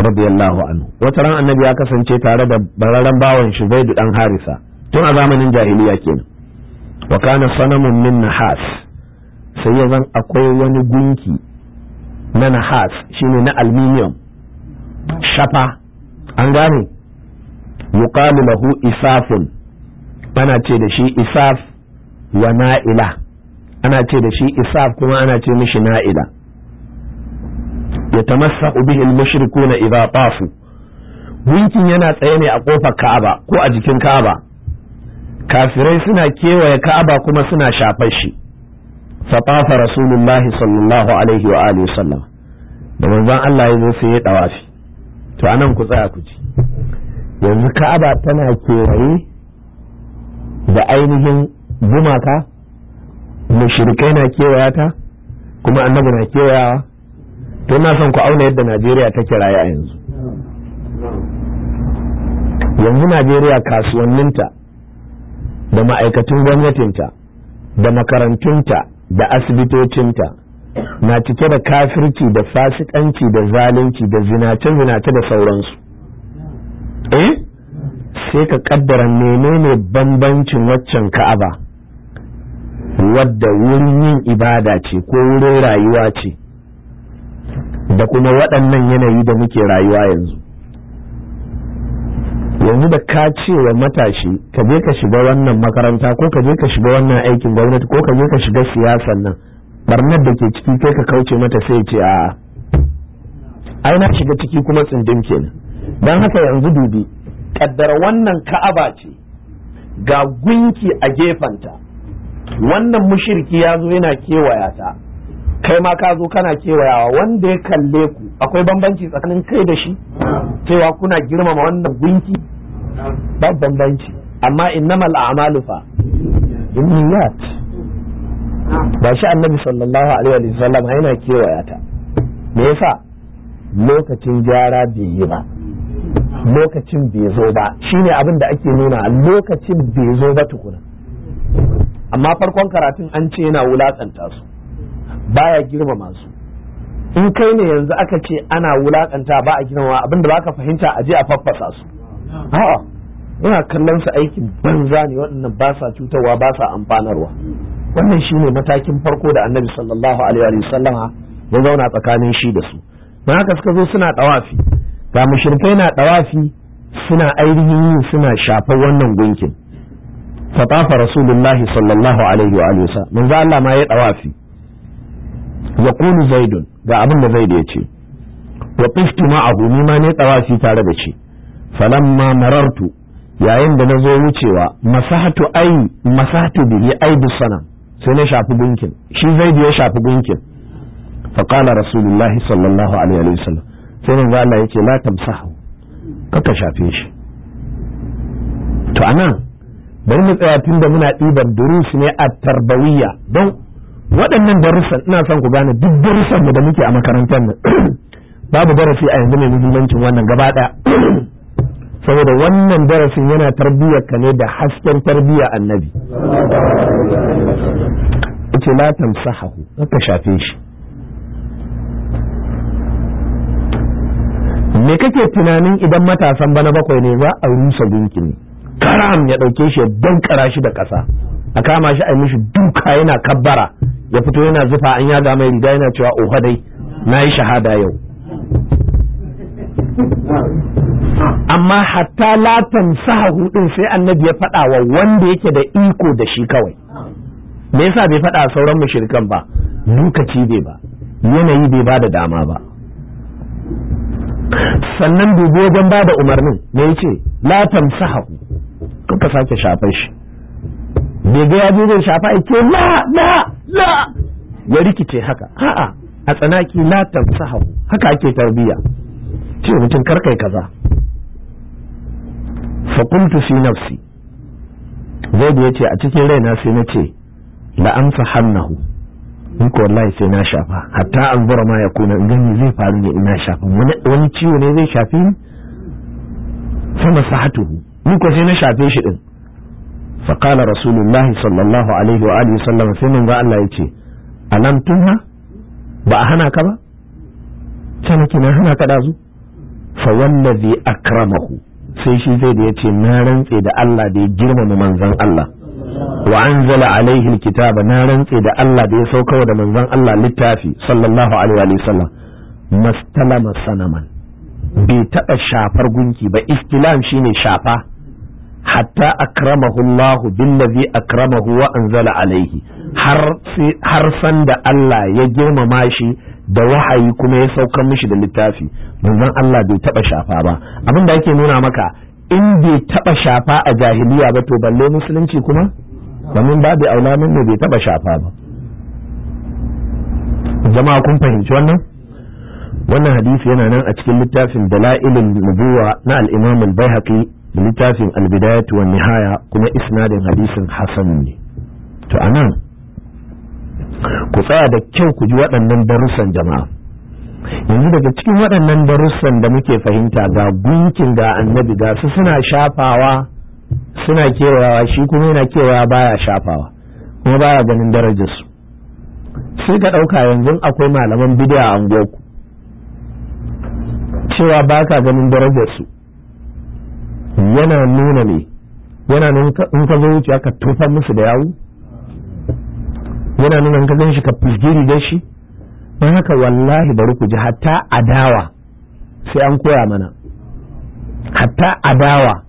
radiyallahu anhu wata ran annabi ya kasance tare da bararren bawan shi zaid dan harisa tun a zamanin jahiliya kenan wa kana sanamun min nahas sai ya zan akwai wani gunki na nahas shine na aluminium shafa an gane yuqalu lahu isafun ana ce da shi isaf wa na'ila ana ce da shi isaf kuma ana ce mishi na'ila ya tamassaku bihi al-mushrikuna idza tafu gunkin yana tsaye ne a kofar Ka'aba ko a jikin Ka'aba kafirai suna kewaye Ka'aba kuma suna shafar shi fatafa rasulullahi sallallahu alaihi wa alihi sallam da manzon Allah ya sai ya dawafi to anan ku tsaya ku ji yanzu Ka'aba tana kewaye da ainihin gumaka mashirikai na kewaya ta kuma annabi na kewayawa to na son ku auna yadda najeriya ta kira a yanzu yanzu najeriya kasuwanninta da ma'aikatun gwamnatinta da makarantunta da asibitocinta na cike da kafirci da fasikanci da zalunci da zinace-zinace da sauransu eh sai ka kaddara menene bambancin waccan ka'aba wadda wurin yin ibada ce ko wurin rayuwa ce da kuma waɗannan yanayi da muke rayuwa yanzu yanzu da ka ce wa matashi ka je ka shiga wannan makaranta ko ka je ka shiga wannan aikin gwamnati ko ka je ka shiga siyasan nan barnar da ke ciki kai ka kauce mata sai ce a ai shiga ciki kuma tsindin kenan don haka yanzu dubi kaddara wannan ka'aba ce ga gunki a gefanta. wannan mushirki ya zo yana kewaya ta kai ma ka zo kana kewayawa wanda ya kalle ku akwai bambanci tsakanin kai da shi cewa kuna girmama wannan gunki ba bambanci amma innamal a'malu fa binniyat ba shi annabi sallallahu alaihi wa sallam yana kewaya ta me yasa lokacin gyara bai yi ba lokacin bai zo ba shine abin da ake nuna lokacin bai zo ba tukuna amma farkon karatun an ce yana wulakanta su baya girmama su in kai ne yanzu aka ce ana wulakanta ba a girmama abinda ba ka fahimta a je a faffasa su a'a yana kallon su aikin banza ne waɗannan ba sa cutarwa ba sa amfanarwa wannan shine matakin farko da annabi sallallahu alaihi wa ya zauna tsakanin shi da su don haka suka zo suna ɗawafi ga mushrikai na ɗawafi suna ainihin yin suna shafar wannan gunkin fatafa rasulullahi sallallahu alaihi wa alihi manzo Allah ma ya dawafi ya qulu zaidun ga abin da zaid ya ce wa ma abu ni ma ne dawafi tare da shi falamma marartu yayin da na zo wucewa masahatu ai masahatu bihi ai bisana sai na shafi gunkin shi zaid ya shafi gunkin fa qala rasulullahi sallallahu alaihi wa sallam sai manzo Allah yake la tamsahu kaka shafe shi to anan bari mu tsaya tun da muna ɗiban durus ne a tarbawiyya don waɗannan darussan ina son ku gane duk darussan mu da muke a makarantar nan babu darasi a yanzu mai muhimmancin wannan gaba ɗaya saboda wannan darasin yana tarbiyyar ka ne da hasken tarbiyyar annabi ce la tamsahahu ka shafe shi me kake tunanin idan matasan bana bakwai ne za a rusa gunkin karam ya ɗauke shi ya kara shi da ƙasa a kama shi a yi mishi duka yana kabbara ya fito yana zufa an ya mai riga yana cewa oha dai na yi shahada yau amma hatta latan sahahu din sai annabi ya faɗa wa wanda yake da iko da shi kawai me yasa bai faɗa sauran mushrikan ba lokaci bai ba yanayi bai ba da dama ba sannan dubi wajen ba da umarnin me yace latan tamsahu ka sake shafa shi bai ga ya zai shafa ya la la la ya rikice haka a'a a tsanaki la tamsahu haka ake tarbiya ce mutum karkai kaza fa qultu fi nafsi zai da ce a cikin raina sai na ce la amsa hannahu in ko wallahi sai na shafa hatta an zura ma ya kuna gani zai faru ne ina shafa wani ciwo ne zai shafi ni sama muka sai na shafe shi din fa rasulullahi sallallahu alaihi wa alihi sallam sai manzo Allah yace tun tunha ba hana ka ba sai kina hana ka dazu fa wallazi akramahu sai shi zai da yace na rantse da Allah da ya girmama manzan Allah wa anzala alaihi alkitaba na rantse da Allah da ya sauka da manzon Allah littafi sallallahu alaihi wa sallam mastalama sanaman bai taɓa shafar gunki ba istilam shine shafa hatta akramahu Allah billazi akramahu wa anzala alaihi har har san da Allah ya girmama shi da wahayi kuma ya sauka mishi da littafi manzon Allah bai taba shafa ba abin da yake nuna maka in bai taba shafa a jahiliya ba to balle musulunci kuma domin babu aulamin ne bai taba shafa ba jama'a kun fahimci wannan wannan hadisi yana nan a cikin littafin dala'ilin mubuwa na al-Imam al-Baihaqi da littafin albidayatu wa nihaya kuma isnadin hadisin hasan ne to anan ku tsaya da kyau ku ji waɗannan darussan jama'a yanzu daga cikin waɗannan darussan da muke fahimta ga gunkin ga annabi ga su suna shafawa suna kewayawa shi kuma yana kewaya baya shafawa kuma baya ganin darajarsu sai ka ɗauka yanzu akwai malaman bidiya a unguwarku cewa ba ka ganin darajarsu yana nuna ne yana nuna in ka zo wuce aka tofar musu da yawu yana nuna in ka zan shi ka fizgi da shi don haka wallahi bari ku ji hatta adawa sai an koya mana hatta adawa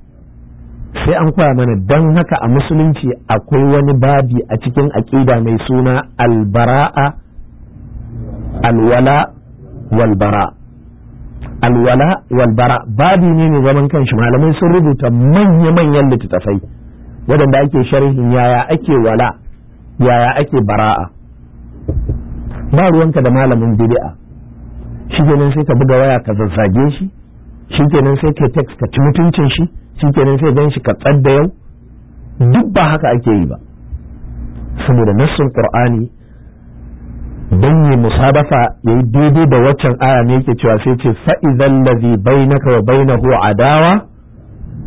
sai an koya mana don haka a musulunci akwai wani babi a cikin aƙida mai suna albara'a alwala walbara'a alwala walbara babi ne mai zaman kanshi malamai sun rubuta manya-manyan littattafai waɗanda ake sharhin yaya ake wala yaya ake bara'a ba ruwanka da malamin bid'a shikenan sai ka buga waya ka zazzage shi shi kenan sai ka text ka ci mutuncin shi shi kenan sai gan shi ka tsadda yau duk ba haka ake yi ba saboda nassin qur'ani don yi musabafa ya yi daidai da waccan aya ne yake cewa sai ce fa'izan lazi bai na ho adawa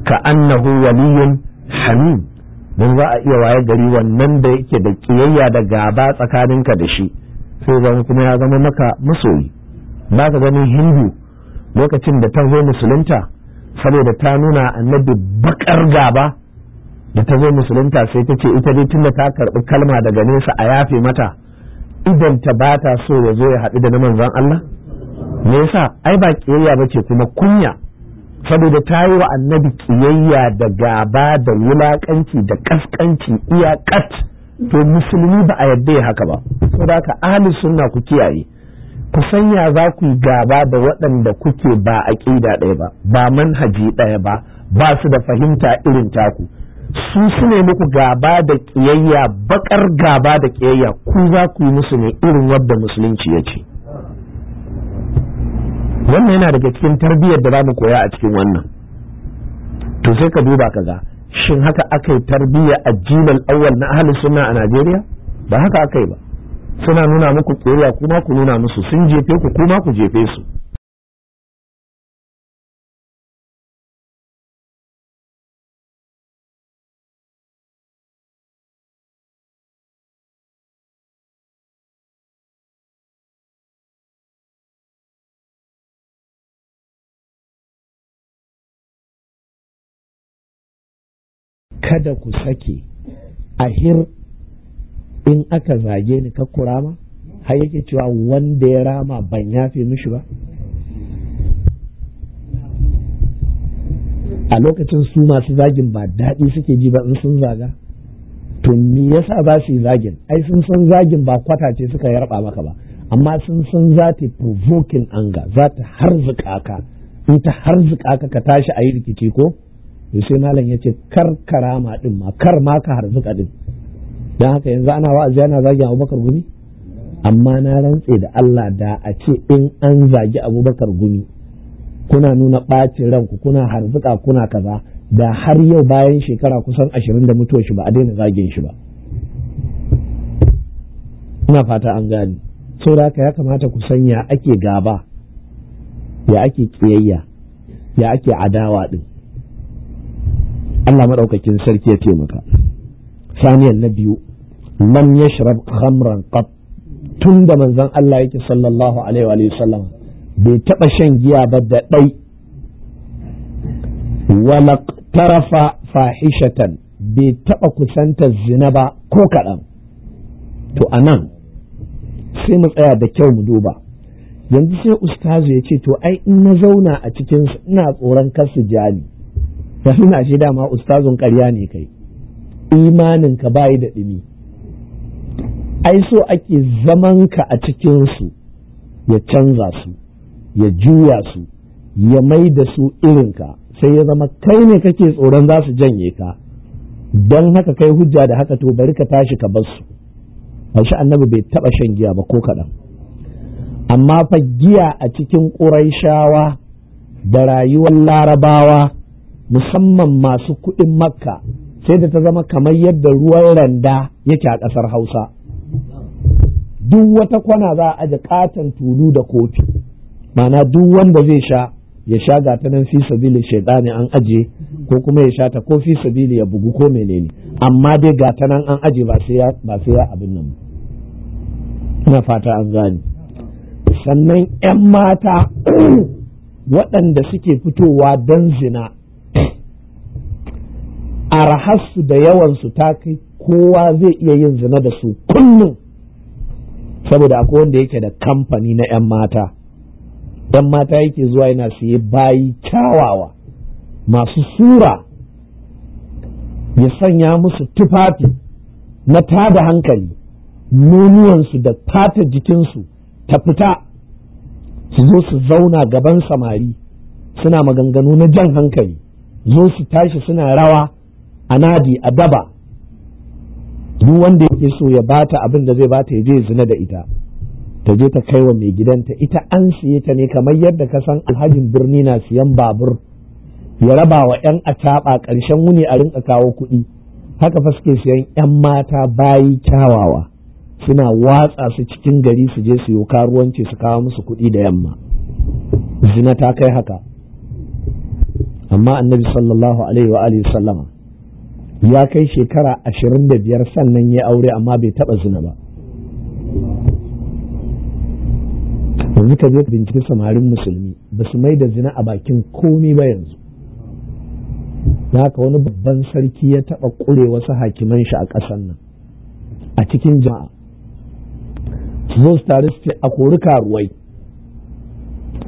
ka annahu waliyun hamim don za a iya waye gari wannan da yake da kiyayya da gaba tsakaninka da shi sai zan kuma ya zama maka masoyi ba ka ganin hindu lokacin da ta zo musulunta saboda ta nuna annabi bakar gaba da ta zo musulunta sai ta ce ita dai tunda ta karɓi kalma daga nesa a yafe mata idan ta ba ta so ya zo ya haɗu da na manzon Allah me yasa ai ba ƙiyayya ba ce kuma kunya saboda ta yi wa annabi kiyayya da gaba da wulaƙanci da ƙasƙanci iyakat to musulmi ba a yadda ya haka ba saboda ka ahli sunna ku kiyaye ku sanya za ku yi gaba da waɗanda kuke ba aƙida ɗaya ba ba manhaji ɗaya ba ba su da fahimta irin taku su su muku gaba da kiyayya bakar gaba da kiyayya ku za ku yi musu ne irin wadda musulunci ya ce wannan yana daga cikin tarbiyyar da za mu koya a cikin wannan to sai ka duba kaza shin haka aka yi tarbiyya ajiyar awwal na ahalin sunna a Najeriya ba haka aka yi ba suna nuna muku kiyayya kuma ku nuna musu sun jefe ku kuma ku jefe su kada ku sake a hir in aka zage ni ka kurama har yake cewa wanda ya rama ban yafe mishi ba a lokacin su masu zagin ba daɗi suke ji ba in sun zaga to me yasa ba su yi zagin ai sun san zagin ba kwata ce suka yarba maka ba amma sun san za ta provoking anga za ta harzuka ka in ta harzuka ka tashi a yi rikici ko sai malam ya ce kar karama din ma kar ma ka harzuka din don haka yanzu ana wa'azi ana zagin abubakar gumi amma na rantse da Allah da a ce in an zagi abubakar gumi kuna nuna ɓacin ranku kuna harzuka kuna kaza da har yau bayan shekara kusan ashirin da mutuwa shi ba a daina zagin shi ba ina fata an gani da haka ya kamata ku sanya ake gaba ya ake kiyayya ya ake adawa din Allah madaukakin sarki ya taimaka saniyan na biyu lam yashrab khamran qat tun da manzon Allah yake sallallahu alaihi wa sallam bai taɓa shan giya ba da dai wala tarafa fahishatan bai taba kusanta zina ba ko kaɗan to anan sai mu tsaya da kyau mu duba yanzu sai ustazu ya ce to ai in na zauna a cikin ina tsoron kasu jali ta suna shi dama ustazun karya ne kai imanin ka bayi da ɗumi ai so ake zaman ka a cikin su ya canza su ya juya su ya mai da su ka sai ya zama kai ne kake tsoron za su janye ka don haka kai hujja da haka to bari ka tashi ka bar su shi annabi bai taba shan giya ba ko kaɗan amma fa giya a cikin ƙuraishawa da rayuwar larabawa musamman masu kuɗin makka sai da ta zama kamar yadda ruwan randa yake a ƙasar hausa duk wata kwana za a aje katon tulu da kofi mana duk wanda zai sha ya sha ga ta nan fi sabili shaidani an aje ko kuma ya sha ta ko fi sabili ya bugu ko menene amma dai ga ta nan an aje ba sai ya abin nan ina fata an gane sannan 'yan mata waɗanda suke fitowa don zina arhassu da yawansu ta kai kowa zai iya yin zina da su kullum saboda akwai wanda yake da kamfani na 'yan mata 'yan mata yake zuwa yana siye bayi kyawawa masu sura ya sanya musu tufafi na tada hankali nunuwansu da fata jikinsu ta fita su zo su zauna gaban samari suna maganganu na jan hankali zo su tashi suna rawa a nadi a daba duk wanda yake so ya bata abin da zai bata ya je zina da ita ta je ta kai wa mai gidanta ita an siye ta ne kamar yadda ka san alhajin birni na siyan babur ya raba wa 'yan acaɓa ƙarshen wuni a rinka kawo kuɗi haka fa suke siyan 'yan mata bayi kyawawa suna watsa su cikin gari su je su yi karuwanci su kawo musu kuɗi da yamma zina ta kai haka amma annabi sallallahu alaihi wa alihi sallama ya kai shekara ashirin da biyar sannan ya aure amma bai taba zina ba yanzu ka je binciki samarin musulmi ba su mai da zina a bakin komi ba yanzu Ya haka wani babban sarki ya taba kure wasu hakiman shi a ƙasar nan a cikin jama'a su zo su taru su ce a kori karuwai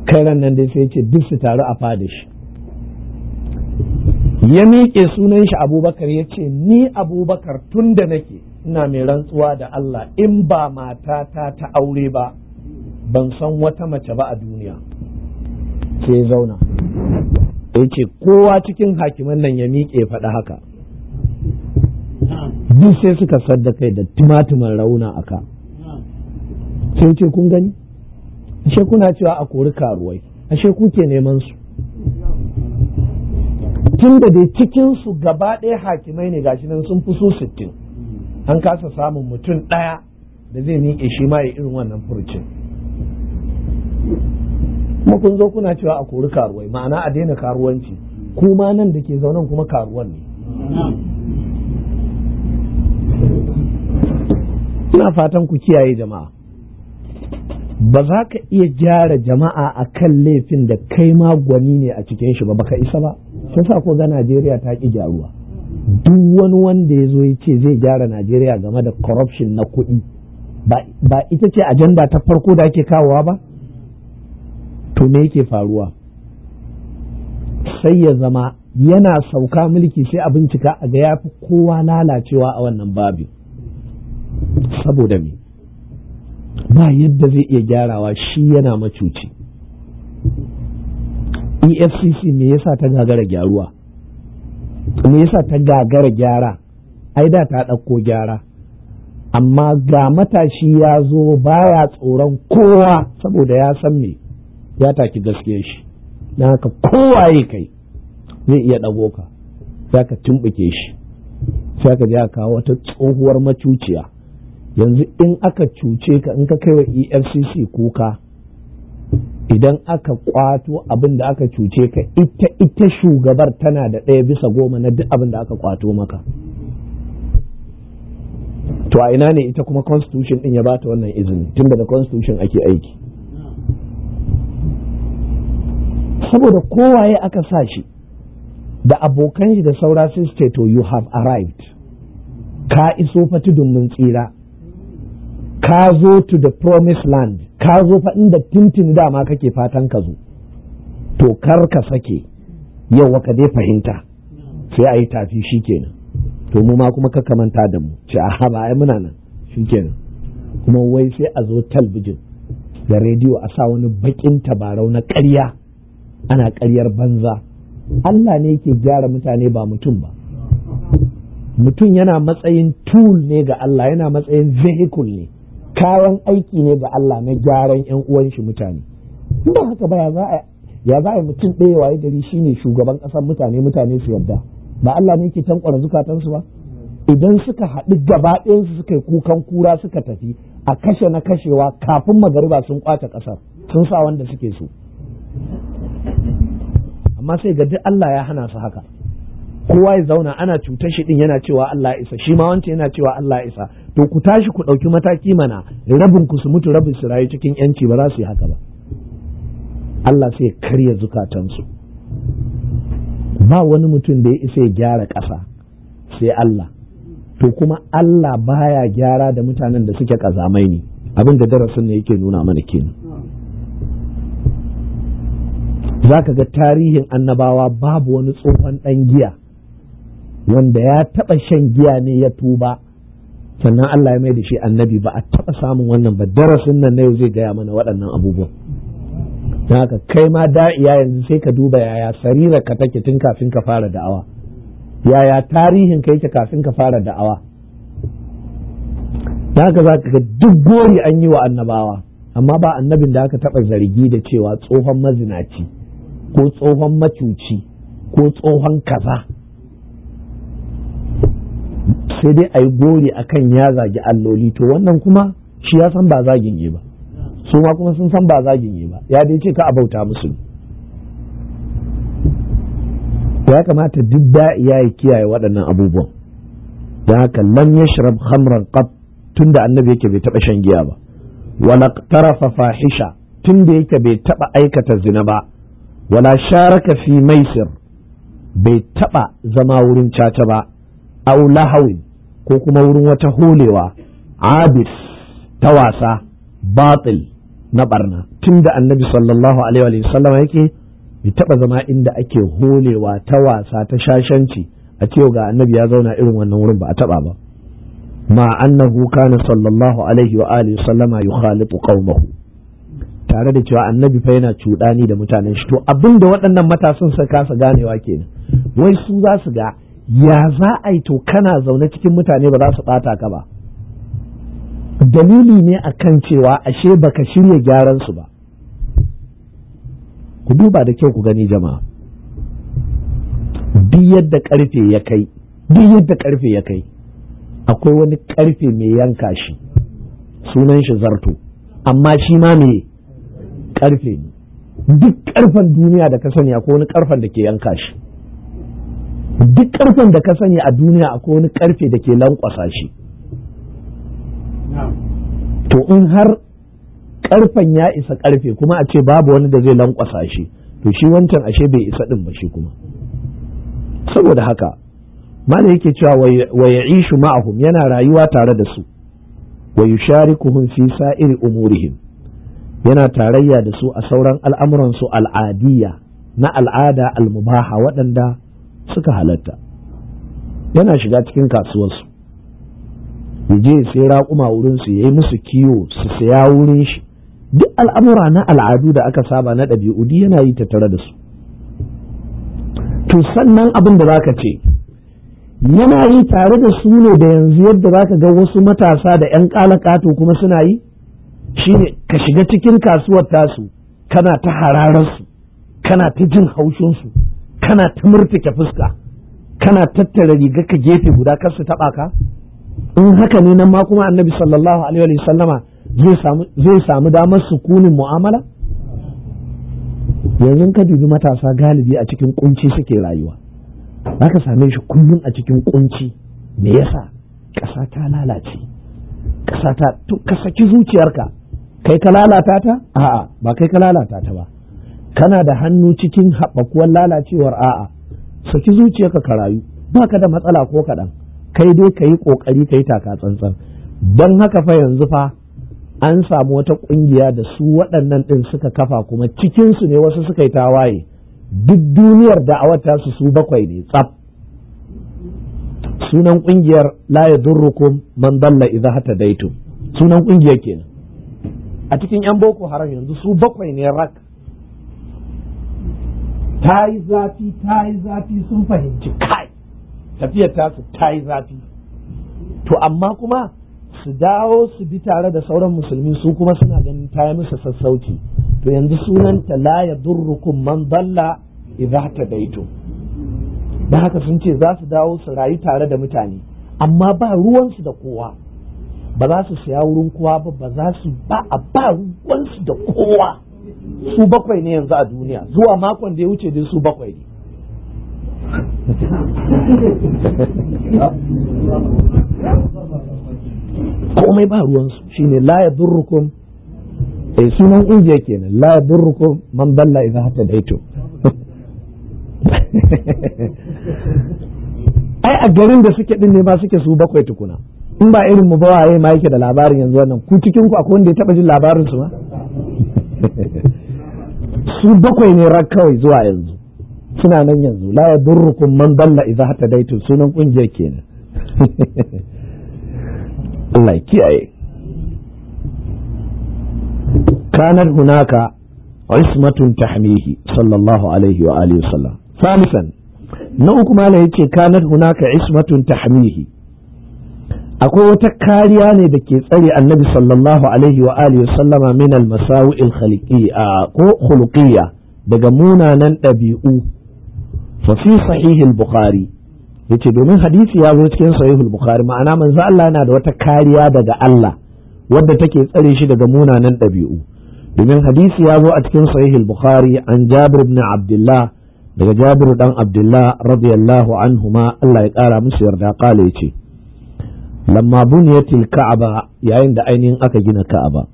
kai ran nan dai sai ce duk su taru a fadashi ya miƙe sunan shi abubakar ya ce ni abubakar tun da nake ina mai rantsuwa da Allah in ba matata ta aure ba ban san wata mace ba a duniya sai zauna ya ce kowa cikin hakiman nan ya miƙe faɗa haka duk sai suka sadda kai da timatiman rauna a ka sai ce kun gani ashe kuna cewa a kori karuwai ashe kuke neman su tun da dai cikinsu gaba ɗaya hakimai ne gashi nan sun fi su sittin an kasa samun mutum ɗaya da zai miƙe shi ma ya irin wannan furucin kuma kun zo kuna cewa a kori karuwai ma'ana a daina karuwanci kuma nan da ke zaunan kuma karuwan ne ina fatan ku kiyaye jama'a ba za ka iya gyara jama'a a kan laifin da kai ma gwani ne a cikin shi ba ka isa ba sai sa ko ga Najeriya ta ki gyaruwa duk wani wanda ya zo ya ce zai gyara Najeriya game da corruption na kuɗi ba ita ce ajanda ta farko da ake kawowa ba to me yake faruwa sai ya zama yana sauka mulki sai a bincika a ga ya fi kowa lalacewa a wannan babi saboda me ba yadda zai iya gyarawa shi yana macuci efcc me yasa ta gagara gyaruwa me yasa ta gagara gyara ai da ta ɗauko gyara amma ga matashi ya zo ba ya tsoron kowa saboda ya san me ya taki gaskiyar shi na haka kowaye kai zai iya ɗago ka za ka tumɓuke shi sai ka je kawo wata tsohuwar macuciya yanzu in aka cuce ka in ka kai wa efcc kuka idan aka kwato abin da aka cuce ka ita ita shugabar tana da ɗaya bisa goma na duk abin da aka kwato maka to a ina ne ita kuma constitution din ya ba ta wannan izini tun da constitution ake aiki saboda kowaye aka sa shi da abokan shi da saura sun ce to you have arrived ka iso fatidun mun tsira ka zo to the promised land ka zo fa inda tintin dama kake fatan ka zo to kar ka sake yau ka dai fahimta sai ayi tafi shi kenan to mu ma kuma kaka manta da mu ce a ba ai muna nan shi kenan kuma wai sai a zo talbijin da rediyo a sa wani bakin tabarau na ƙarya ana ƙaryar banza Allah ne yake gyara mutane ba mutum ba mutum yana matsayin tool ne ga Allah yana matsayin vehicle ne kayan aiki ne ga Allah na gyaran yan uwan shi mutane ba haka ba ya za a yi mutum ɗaya waye gari shine shugaban ƙasar mutane mutane su yarda ba Allah ne ke tankwara zukatansu ba idan suka haɗu gaba ɗayansu suka yi kukan kura suka tafi a kashe na kashewa kafin magariba sun kwace ƙasar sun sa wanda suke so amma sai ga duk Allah ya hana su haka kowa ya zauna ana cutar shi din yana cewa Allah isa shi ma wancan yana cewa Allah isa to ku tashi ku ɗauki mataki mana rabin ku su mutu rabin su rayu cikin yanci ba za su yi haka ba Allah sai ya karya zukatansu ba wani mutum da ya isa ya gyara ƙasa sai Allah to kuma Allah baya gyara da mutanen da suke kazamai ne abin da darasin ne yake nuna mana kenan zaka ga tarihin annabawa babu wani tsohon ɗan giya wanda ya taɓa shan giya ne ya tuba sannan Allah ya mai da shi annabi ba a taɓa samun wannan ba darasin nan na yau zai gaya mana waɗannan abubuwan don haka kai ma da'iya yanzu sai ka duba yaya sarira ka take tun kafin ka fara da'awa yaya tarihin ka yake kafin ka fara da'awa don haka za ka ga duk gori an yi wa annabawa amma ba annabin da aka taɓa zargi da cewa tsohon mazinaci ko tsohon macuci ko tsohon kaza sai dai a yi gori a kan ya zagi alloli to wannan kuma shi ya san ba zagin yi ba su ma kuma sun san ba zagin yi ba ya dai ce ka abauta musu ya kamata duk da'iya ya kiyaye waɗannan abubuwan da haka lam yashrab khamran tun tunda annabi yake bai taɓa shan giya ba wala tarafa fahisha tunda yake bai taɓa aikata zina ba wala sharaka fi maisir bai taɓa zama wurin caca ba au lahawin ko kuma wurin wata holewa abis ta wasa batil na barna tunda annabi sallallahu alaihi wa sallama yake bai taba zama inda ake holewa ta wasa ta shashanci a cewa ga annabi ya zauna irin wannan wurin ba a taba ba ma annahu kana sallallahu alaihi wa alihi sallama yukhalitu qaumahu tare da cewa annabi fa yana cuɗani da mutanen shi to abinda waɗannan matasan sa kasa ganewa kenan wai su za su ga ya za a yi to kana zaune cikin mutane ba za su ɓata ka ba dalili ne a kan cewa ashe baka shirya gyaran su ba ku duba da kyau ku gani jama'a duk yadda karfe ya kai duk yadda karfe ya kai akwai wani karfe mai yanka shi sunan shi zarto amma shi ma mai karfe ne duk karfen duniya da ka sani akwai wani ƙarfen da ke yanka shi duk ƙarfen da ka sani a duniya akwai wani karfe da ke lankwasa shi to in har karfen ya isa ƙarfe kuma a ce babu wani da zai lankwasa shi to shi wancan ashe bai isa din ba shi kuma saboda haka mana yake cewa wa ishu ma'ahum yana rayuwa tare da su wa kuhun fi sa'iri umurihim yana tarayya da su a sauran al'amuransu al'adiyya na al'ada al waɗanda suka halatta yana shiga cikin kasuwarsu ya je sai raƙuma wurin su yi musu kiwo su saya wurin shi duk al'amura na al'adu da aka saba na ɗabi'u duk yana yi tattare da su to sannan abin da zaka ce yana yi tare da su ne da yanzu yadda za ka ga wasu matasa da 'yan ƙalaƙato kuma suna yi shine ka shiga cikin kasuwar tasu kana ta harararsu kana ta jin haushinsu kana ta murtuke fuska kana tattara riga ka gefe guda kar su taba ka in haka ne nan ma kuma annabi sallallahu alaihi wa sallama zai samu damar sukunin mu'amala yanzu ka dubi matasa galibi a cikin kunci suke rayuwa za same shi kullum a cikin kunci me yasa ƙasa ta lalace ƙasa ta to ka saki zuciyarka kai ka lalata ta a'a ba kai ka lalata ta ba kana da hannu cikin haɓakuwar lalacewar a'a saki zuciyarka ka rayu ba ka da matsala ko kaɗan kai dai ka yi ƙoƙari ka yi taka tsantsan don haka fa yanzu fa an samu wata ƙungiya da su waɗannan ɗin suka kafa kuma cikinsu ne wasu suka yi tawaye duk duniyar da wata su bakwai ne tsaf sunan ƙungiyar la yadurrukum man dalla idza daitu sunan ƙungiyar kenan a cikin yan boko haram yanzu su bakwai ne rak ta yi zafi ta yi zafi sun fahimci kai tafiyar tasu ta yi zafi to amma kuma su dawo su bi tare da sauran musulmi su kuma suna ganin ta yi musu sassauci to yanzu sunanta la ya durrukun man idan idza daito da haka sun ce za su dawo su rayu tare da mutane amma ba ruwansu da kowa ba za su siya wurin kowa ba ba za su ba a ba ruwansu da kowa su bakwai ne yanzu a duniya zuwa makon da ya wuce dai su bakwai ne komai ba ruwansu ne laye yadurrukum a eh, sunan ke kenan laye yadurrukum man dalla idza hatadaitu ai a garin da suke din ne ba suke su bakwai tukuna in ba irin mu ba waye ma yake da labarin yanzu wannan ku cikin ku akwai wanda ya taba jin labarin su ma su bakwai ne rak kawai zuwa yanzu suna nan yanzu la ya durrukum man dalla idza hatta daitu sunan kungiyar kenan Allah kiyaye kanar hunaka ismatun tahmihi sallallahu alaihi wa alihi wasallam salisan na uku mala yace kanar hunaka ismatun tahmihi akwai wata kariya ne da ke tsare annabi sallallahu alaihi wa alihi sallama min al-masawi'il khaliqiyya ko khuluqiyya daga munanan ɗabi'u fa fi sahihil bukhari yace domin hadisi ya zo cikin sahihul bukhari ma'ana manzo Allah yana da wata kariya daga Allah wadda take tsare shi daga munanan ɗabi'u domin hadisi ya zo a cikin sahihul bukhari an Jabir ibn Abdullah daga Jabir dan Abdullah radiyallahu anhuma Allah ya kara musu yarda kale yace lamma buniyatil ka'aba yayin da ainihin aka gina ka'aba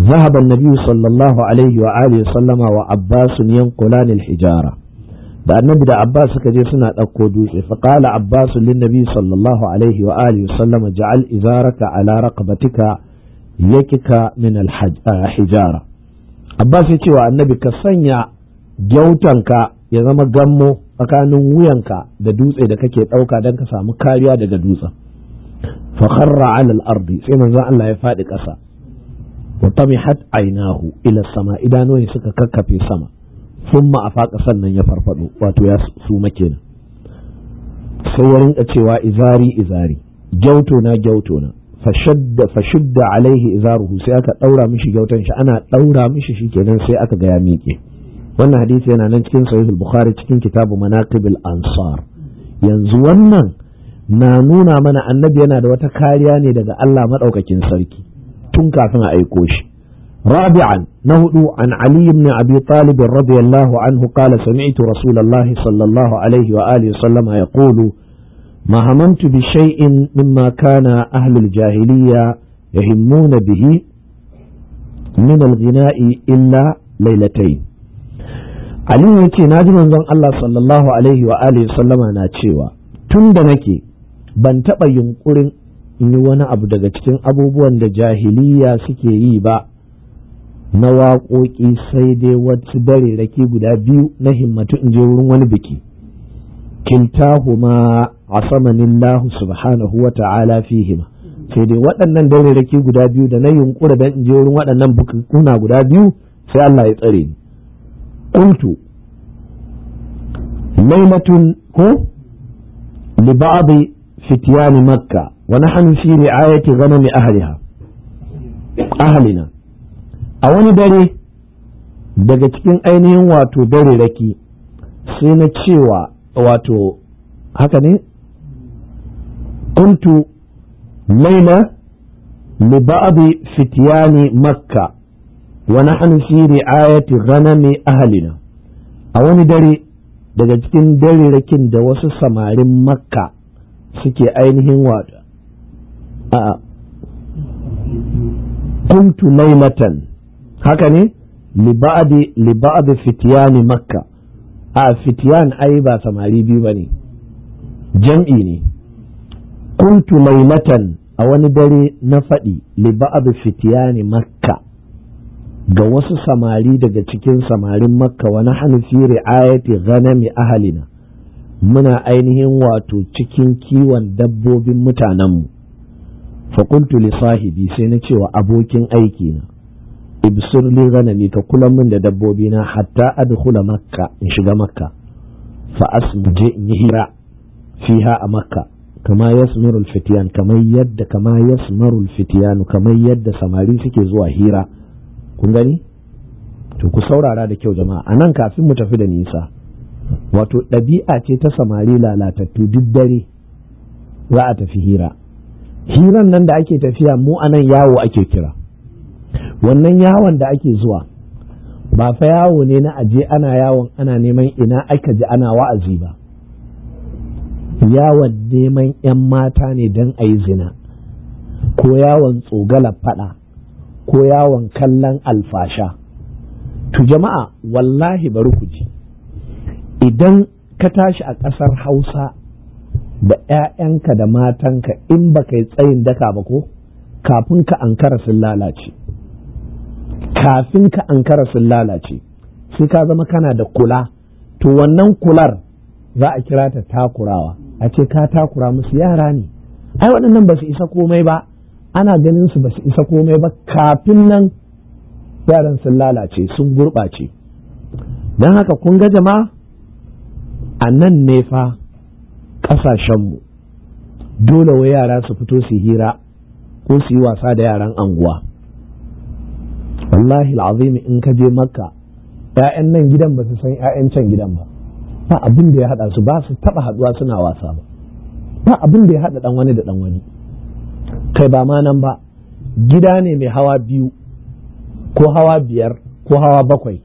ذهب wa صلى الله عليه وآله وسلم وعباس ينقلان الحجارة da annabi da Abbas suka je suna ɗauko dutse fa qala Abbas nabi sallallahu alaihi wa alihi sallama ja'al izaraka ala raqabatika yakika min al hijara Abbas ya ce wa annabi ka sanya gyautanka ya zama gammo tsakanin wuyanka da dutse da kake ɗauka don ka samu kariya daga dutsen fa kharra ala ardi sai manzon Allah ya faɗi ƙasa wa tamihat aynahu ila sama idanuwan suka kakkafe sama thumma afaqa sannan ya farfado wato ya suma kenan sai ya rinka cewa izari izari gyauto na gyauto na fashadda fashadda alaihi izaruhu sai aka ɗaura mishi gyautan shi ana daura mishi shikenan sai aka ga ya miƙe wannan hadisi yana nan cikin sahih al-bukhari cikin kitabu manaqib al-ansar yanzu wannan na nuna mana annabi yana da wata kariya ne daga Allah maɗaukakin sarki tun kafin a aiko shi rabi'an na hudu an ali ibn abi talib radiyallahu anhu qala sami'tu rasulullahi sallallahu alaihi wa alihi sallama yaqulu ما هممت بشيء مما كان أهل الجاهلية يهمون به من الغناء إلا ليلتين Ali ya ce na ji manzon Allah sallallahu alaihi wa alihi sallama na cewa tun da nake ban taɓa yunƙurin in yi wani abu daga cikin abubuwan da jahiliya suke yi ba na waƙoƙi sai dai wasu dareraki guda biyu na himmatu in je wurin wani biki a samanin lahu subhanahu wa ta'ala hima sai dai waɗannan dare dareraki guda biyu da na yunƙura don in je wurin waɗannan bukukuna guda biyu sai Allah ya tsare ni qultu lailatun ko li ba'dhi fitiyani makka wa nahnu fi ri'ayati ghanami ahliha ahlina a wani dare daga cikin ainihin wato dare raki sai na cewa wato haka ne kuntu maina li ba'di fitiyani makka wa nahnu fi ri'ayati ghanami ahlina a wani dare daga cikin dare darerakin da wasu samarin makka suke ainihin wata a kuntu lailatan haka ne liba'adu fitiyani makka a fitiyan ai ba samari biyu bane jam'i ne kuntu matan a wani dare na faɗi liba'adu fitiyani makka ga wasu samari daga cikin samarin makka wani hanifi ri'ayati ghanami ahalina muna ainihin wato cikin kiwon dabbobin mutanenmu faƙuntu li sahibi sai na cewa abokin aiki na ibsur li ghanami ka kula min da dabbobi na hatta adkhula makka in shiga makka fa asbuje in yi hira fiha a makka kama yasmirul fitiyan kamar yadda kama yasmarul fitiyan kamar yadda samari suke zuwa hira kun gani to ku saurara da kyau jama'a anan kafin mu tafi da nisa wato ɗabi'a ce ta samari lalatattu duk dare za a tafi hira hiran nan da ake tafiya mu a nan yawo ake kira wannan yawon da ake zuwa ba fa yawo ne na aje ana yawon ana neman ina aka ji ana wa'azi ba yawon neman 'yan mata ne don a yi zina ko yawon tsogalar fada ko yawon kallon alfasha to jama'a wallahi bari ku ji idan ka tashi a ƙasar hausa da 'ya'yanka da matanka in ba ka yi tsayin daka ba ko kafin ka ankara sun lalace kafin ka ankara sun lalace sai ka zama kana da kula to wannan kular za a kira ta takurawa a ce ka takura musu yara ne ai waɗannan ba su isa komai ba ana ganin su ba su isa komai ba kafin nan yaran sun lalace sun gurɓace don haka kun ga jama'a a nan ne fa ƙasashenmu dole wa yara su fito su hira ko su yi wasa da yaran anguwa wallahi azim in ka je makka ‘ya'yan nan gidan ba su san ‘ya'yan can gidan ba ba abin da ya haɗa su ba su taɓa haɗuwa suna wasa ba ba abin da ya haɗa ɗan wani da ɗan wani kai ba ma nan ba gida ne mai hawa biyu ko hawa biyar ko hawa bakwai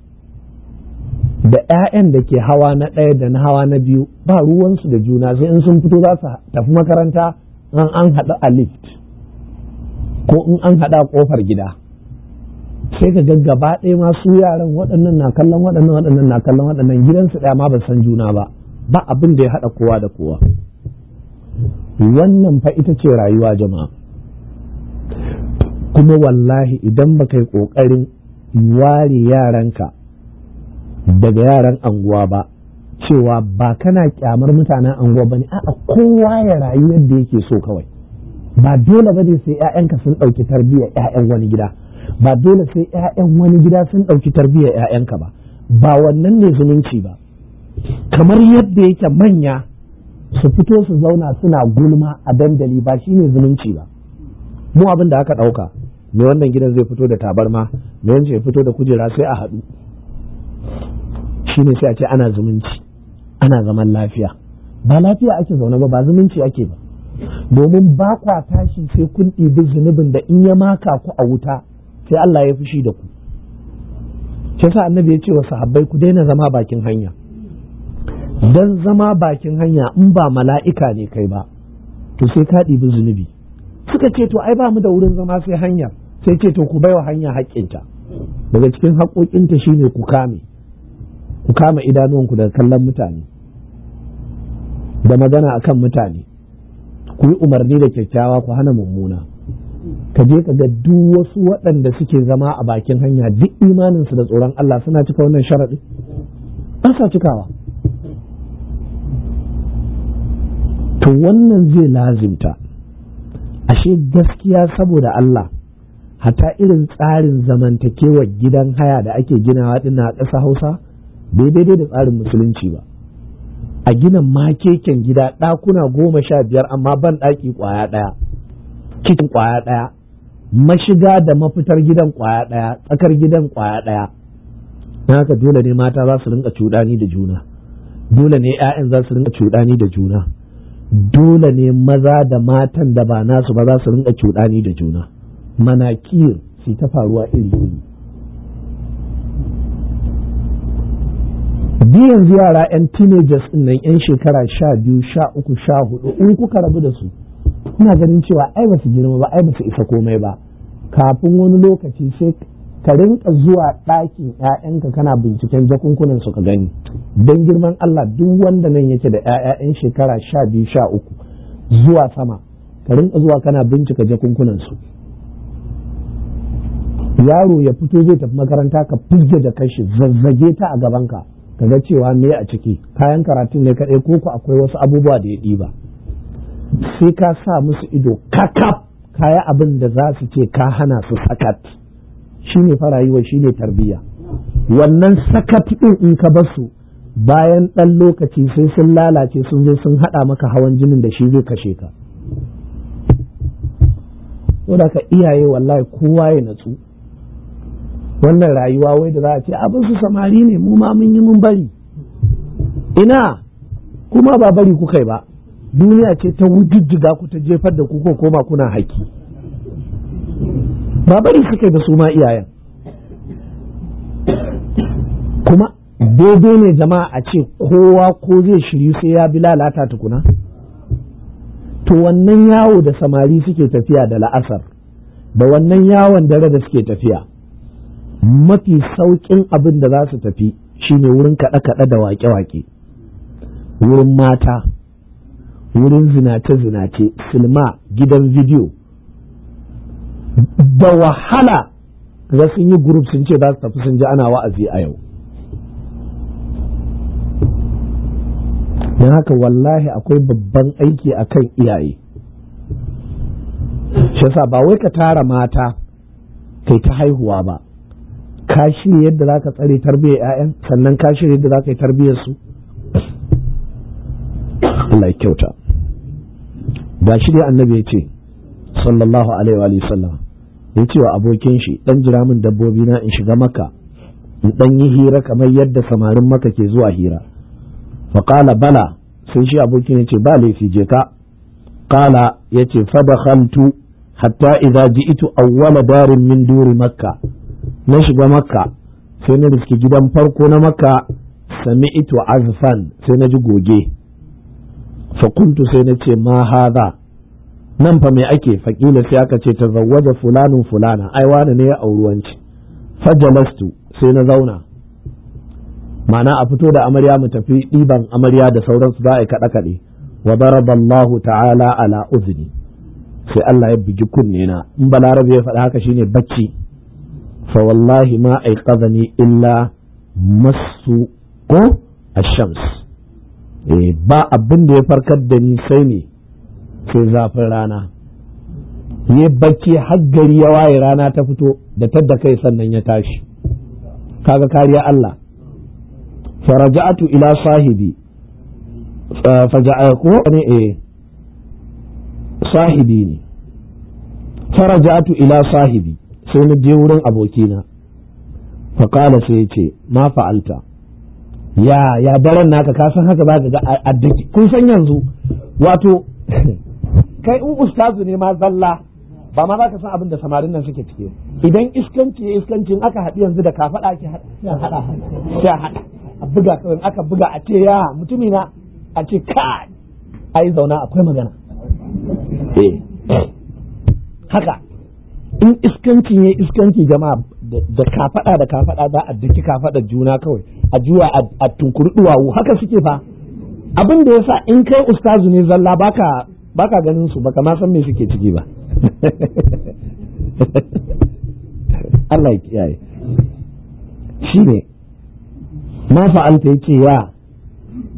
da 'ya'yan da ke hawa na ɗaya da na hawa na biyu ba ruwansu da juna sai in sun fito za su tafi makaranta an an haɗa a lift ko in an haɗa ƙofar gida sai ka ga gaba ɗaya ma su yaran waɗannan na kallon waɗannan waɗannan na kallon waɗannan gidansu ɗaya ma ba san juna ba ba abin da ya haɗa kowa da kowa wannan fa ita ce rayuwa jama'a kuma wallahi idan baka yi ƙoƙarin ware yaranka daga yaran anguwa ba cewa ba kana kyamar mutanen anguwa ba ne a'a kowa ya rayu yadda yake so kawai ba dole ba ne sai 'ya'yanka sun ɗauki tarbiyyar 'ya'yan wani gida ba dole sai 'ya'yan wani gida sun ɗauki tarbiyyar 'ya'yanka ba ba wannan ne zumunci ba kamar yadda yake manya su fito su zauna suna gulma a dandali ba shi ne zumunci ba mu abin da aka ɗauka me wannan gidan zai fito da tabarma me wancan ya fito da kujera sai a haɗu ne sai a ce ana zumunci ana zaman lafiya ba lafiya ake zaune ba ba zumunci ake ba domin ba kwa tashi sai kun ɗibi zunubin da in ya maka ku a wuta sai Allah ya fushi da ku shi sa annabi ya ce wa sahabbai ku daina zama bakin hanya dan zama bakin hanya in ba mala'ika ne kai ba to sai ka ɗibi zunubi suka ce to ai ba mu da wurin zama sai hanya sai ce to ku baiwa hanya haƙƙinta daga cikin haƙoƙinta shine ku kame ku kama idanuwanku daga kallon mutane da magana a kan mutane ku yi umarni da kyakkyawa ku hana mummuna ka je ka ga duk wasu waɗanda suke zama a bakin hanya duk imaninsu da tsoron Allah suna cika wannan sharaɗi ba sa cikawa to wannan zai lazimta ashe gaskiya saboda Allah hata irin tsarin zamantakewar gidan haya da ake ginawa ɗin a ƙasa Hausa bai daidai da tsarin musulunci ba a gina makeken gida ɗakuna goma sha biyar amma ban ɗaki ƙwaya ɗaya cikin ƙwaya ɗaya mashiga da mafitar gidan ƙwaya ɗaya tsakar gidan ƙwaya ɗaya na haka dole ne mata za su rinka cuɗani da juna dole ne 'ya'yan za su rinka cuɗani da juna dole ne maza da matan da ba nasu ba za su rinka cuɗani da juna manakir su ta faruwa iri iri biyan yanzu yara yan teenagers din nan yan shekara sha biyu sha uku sha hudu in kuka rabu da su kuna ganin cewa ai ba su girma ba ai ba su isa komai ba kafin wani lokaci sai ka rinka zuwa ɗakin ‘ya'yanka kana binciken jakunkunan su ka gani don girman Allah duk wanda nan yake da yan shekara sha biyu sha uku zuwa sama ka rinka zuwa kana bincika jakunkunan su yaro ya fito zai tafi makaranta ka fige da kashi zazzage ta a gabanka ka ga cewa me a ciki kayan karatun ne kaɗai ko ku akwai wasu abubuwa da ya ɗiba sai ka sa musu ido kakaf kaya abin da za su ce ka hana su sakat shi ne farayuwa shi ne tarbiyya wannan sakat ɗin in ka basu bayan ɗan lokaci sai sun lalace sun zo sun haɗa maka hawan jinin da shi zai kashe ka. Saboda ka iyaye wallahi kowa ya natsu wannan rayuwa wai da za a ce abin su samari ne mu ma mun yi mun bari ina kuma ba bari ku kai ba duniya ce ta wujujjuga ku ta jefar da ku ko koma kuna haƙi ba bari su kai da su ma iyayen kuma daidai ne jama'a a ce kowa ko zai shiryu sai ya bi lalata tukuna to wannan yawo da samari suke tafiya da la'asar da wannan yawon dare da suke tafiya mafi sauƙin abin da za su tafi shine wurin kaɗe-kaɗe da waƙe-waƙe wurin mata wurin zinace-zinace silma gidan vidiyo. da wahala za sun yi group sun ce za su tafi sun ji ana wa'azi a yau don haka wallahi akwai babban aiki a kan iyaye shi ba wai ka tara mata kai ta haihuwa ba ka shirya yadda za ka tsare tarbiyyar 'ya'yan sannan ka shirya yadda za ka yi tarbiyyar su Allah ya kyauta ba shi dai annabi ya ce sallallahu alaihi wa sallam ya ce wa abokin shi dan jira min dabbobi na in shiga maka in dan yi hira kamar yadda samarin maka ke zuwa hira fa qala bala sai shi abokin ya ce ba laifi je ka qala ya ce fa dakhaltu hatta idza ji'tu awwala darin min duri makka na shiga makka sai na riske gidan farko na makka sami ito azfan sai na ji goge fakuntu sai na ce ma haza nan fa mai ake faƙila sai aka ce ta zawwaja fulanin fulana ai wani ne ya auruwanci fajalastu sai na zauna mana a fito da amarya mu tafi ɗiban amarya da sauransu za a yi kaɗe-kaɗe wa daraballahu ta'ala ala uzni sai Allah ya bugi kunne na in balarabe ya faɗa haka shine bacci fa wallahi ma kazani illa masu ko ashams eh ba abin da ya farkar da ni sai ne sai zafin rana ya bacci har gari ya waye rana ta fito da tadda kai sannan ya tashi kaga kariya Allah faraja'atu ila sahibi faja'a ko ne eh sahibi ne faraja'atu ila sahibi sai na je wurin abokina faƙala sai ce ma fa'alta ya ya baran naka ka san haka ba ka ga addaki kun san yanzu wato kai in ustazu ne ma zalla ba ma za ka san abin da samarin nan suke cike idan iskanci ya iskanci in aka haɗu yanzu da ka faɗa ake haɗa sai haɗa a buga kawai aka buga a ce ya mutumi na a ce ka ai zauna akwai magana eh. haka in iskancin ya iskanci jama'a da kafaɗa da kafaɗa za a ka faɗa juna kawai a juwa a tunkuri duwawu haka suke fa abin da yasa in kai ustazu ne zalla baka baka ganin su baka ma san me suke ciki ba Allah ya kiyaye shi ne ma fa'alta yake ya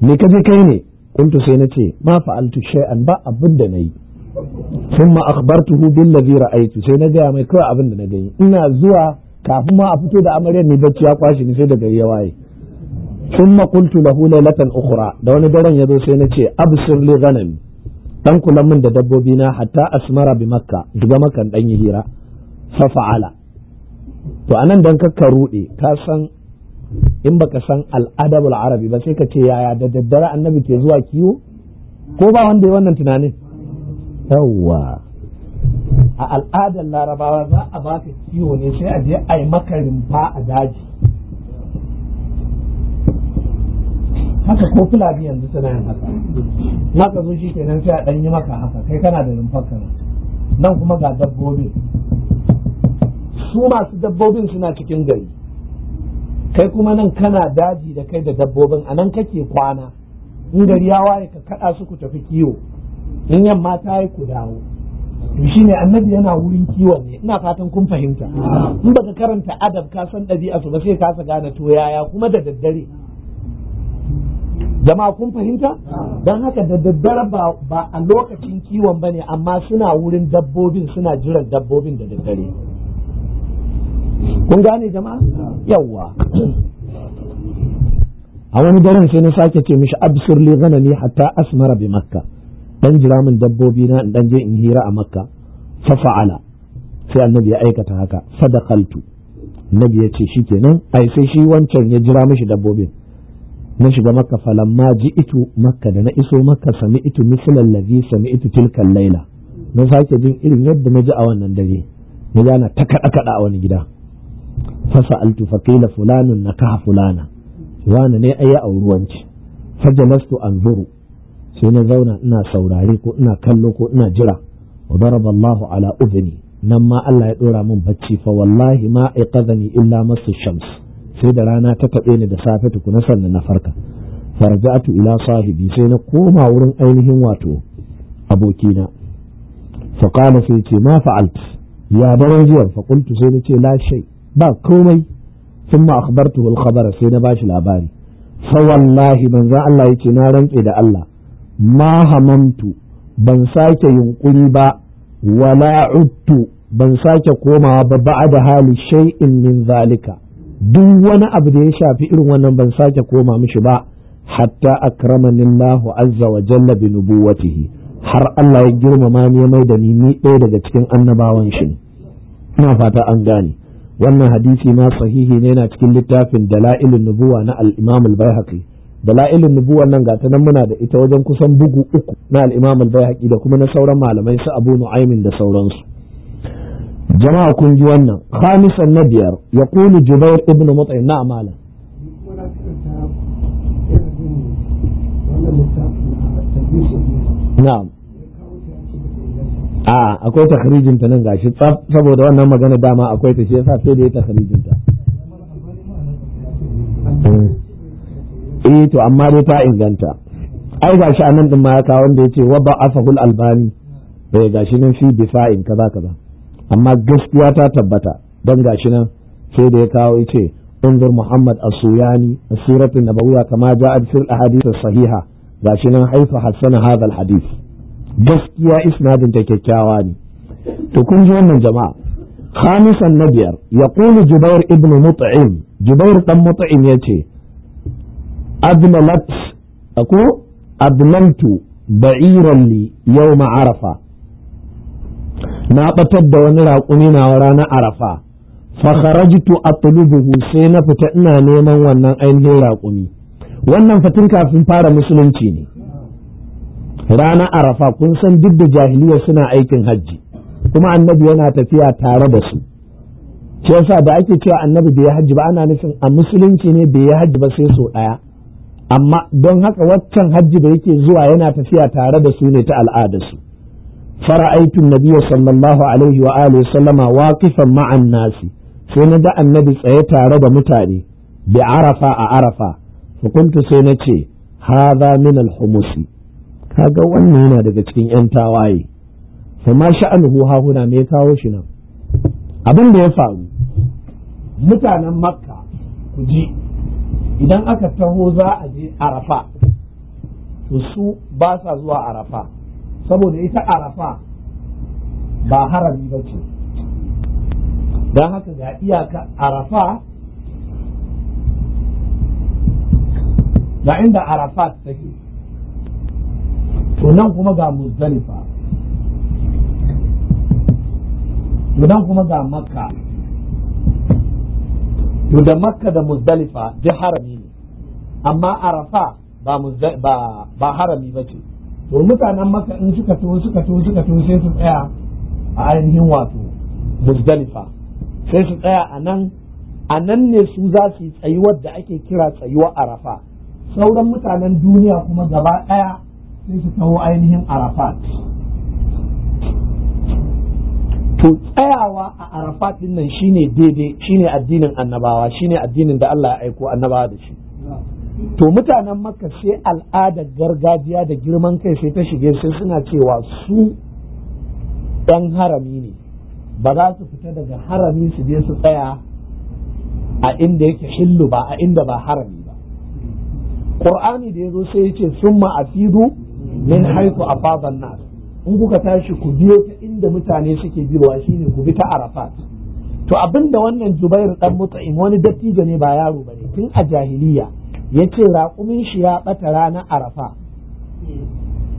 me kaje kai ne kuntu sai na ce ma fa'altu shay'an ba abin da yi. tuhu bin billazi ra'aytu sai na gaya mai kawai abin da na gani ina zuwa kafin ma a fito da amaryar ne bacci ya kwashi ni sai da gari ya waye thumma qultu lahu laylatan ukhra da wani daren yazo sai na ce absir li ghanami dan kula min da dabbobi na hatta asmara bi makka duba makan dan yi hira fa fa'ala to anan dan kakka rude ka san in baka san al'adabul arabi ba sai ka ce yaya da daddare annabi ke zuwa kiwo ko ba wanda ya wannan tunanin yawwa a al'adar larabawa za a baka ciwo ne sai a je a yi maka rumfa a daji haka ko fulani yanzu suna yin haka maka zo shi kenan sai a ɗan yi maka haka kai kana da rumfar kana nan kuma ga dabbobin su masu dabbobin suna cikin gari kai kuma nan kana daji da kai da dabbobin a nan kake kwana in gari ya waye ka kaɗa su ku tafi kiwo in yamma ta yi ku dawo to ne annabi yana wurin kiwon ne ina fatan kun fahimta in baka karanta adab ka san ɗabi'a su ba sai ka gane to yaya kuma da daddare jama'a kun fahimta don haka da daddare ba a lokacin kiwon ba ne amma suna wurin dabbobin suna jiran dabbobin da daddare kun gane jama yawwa a wani daren sai na sake ce mishi absur li ne hatta asmara bi makka dan jira min dabbobi na in dan je in hira a makka fa fa'ala sai annabi ya aikata haka sadaqaltu nabi ya ce shikenan ai sai shi wancan ya jira mishi dabbobin na shiga makka falamma ji'itu makka da na iso makka sami'tu mithla allazi sami'tu tilka laila na sake jin irin yadda na ji a wannan dare na ji ta kaɗa kaɗa a wani gida fa sa'altu fa qila fulanun nakaha fulana wani ne ayi auruwanci fa jalastu anzuru sai na zauna ina saurare ko ina kallo ko ina jira wa daraba Allahu ala udhni nan ma Allah ya dora min bacci fa wallahi ma aiqadhani illa masu shams sai da rana ta kabe ni da safe tukuna sannan na farka farja'atu ila sahibi sai na koma wurin ainihin wato abokina fa qala sai ce ma fa'alt ya daren zuwa fa qultu sai na ce la shay ba komai thumma akhbartuhu al-khabara sai na bashi labari fa wallahi manzo Allah yace na rantse da Allah ma hamamtu ban sake yunkuri ba wala uttu ban sake komawa ba ba'a da hali shay'in min zalika duk wani abu da ya shafi irin wannan ban sake koma mishi ba hatta akramani Allah azza wa jalla bi nubuwatihi har Allah ya girmama ni ya mai da ni ni ɗaya daga cikin annabawan shi ina fata an gane wannan hadisi ma sahihi ne yana cikin littafin dala'ilin nubuwa na al-Imam al-Baihaqi dala'ilin nubuwan nan gata nan muna da ita wajen kusan bugu uku na al'imam al-bayhaqi da kuma na sauran malamai su abu nu'aymin da sauransu jama'a kun ji wannan khamisan na biyar kuni jubair ibn mut'im na amala a akwai takharijin ta nan gashi saboda wannan magana dama akwai ta shi yasa sai da ya takharijin hmm. eh to amma dai ta inganta ai ga shi anan din ma ya kawo wanda yace wa ba'afahul albani eh ga shi nan fi difa'in kaza kaza amma gaskiya ta tabbata dan ga shi nan sai da ya kawo yace انظر محمد السوياني السيرة النبوية كما جاءت في الأحاديث الصحيحة sahiha nan haifa hassana hadal hadis gaskiya isnadin ta kyakkyawa ne to kun ji wannan jama'a khamisan na biyar yaqulu jubair ibn mut'im jubair dan mut'im yace admamat ko admamtu ba'iran li yawma arafa na batar da wani raƙumi na ranar arafa fa kharajtu atlubuhu sai na fita ina neman wannan ainihin raƙumi wannan fatin kafin fara musulunci ne ranar arafa kun san duk da jahiliya suna aikin hajji kuma annabi yana tafiya tare da su shi yasa da ake cewa annabi bai hajji ba ana nufin a musulunci ne bai yi hajji ba sai sau ɗaya amma don haka waccan hajji da yake zuwa yana tafiya tare da su ne ta al'adarsu fara'aitu nabiyyu sallallahu alaihi wa alihi sallama waqifan ma'an nasi sai na ga annabi tsaye tare da mutane bi arafa a arafa hukuntu sai na ce hadha min al-humusi kaga wannan yana daga cikin yan tawaye fa ma sha'anuhu ha huna me kawo shi nan abin da ya faru mutanen makka ku ji idan aka taho za a je arafa to su ba sa zuwa arafa saboda ita arafa ba harami ba ce don haka ga iyaka arafa ga inda arafa take to nan kuma ga muzdalifa to nan kuma ga makka to da makka da muzdalifa duk harami ne amma arafa ba harami ba ce to mutanen makka in suka to suka to suka to sai su tsaya a ainihin wato muzdalifa sai su tsaya a nan a nan ne su za su yi tsayuwar ake kira tsayuwar arafa sauran mutanen duniya kuma gaba ɗaya sai su taho ainihin arafat to tsayawa a arafat din nan shine daidai shine addinin annabawa shine addinin da Allah ya aiko annabawa da shi to mutanen makka sai al'adar gargajiya da girman kai sai ta shige sai suna cewa su ɗan harami ne ba za su fita daga harami su je su tsaya a inda yake hillu ba a inda ba harami ba qur'ani da yazo sai yace summa afidu min haythu afadan nas in kuka tashi ku biyo ta inda mutane suke biyowa shine ku bi ta arafat to abinda wannan jubair dan mut'im wani dattijo ne ba yaro bane tun a jahiliya yace raƙumin shi ya bata ranar arafa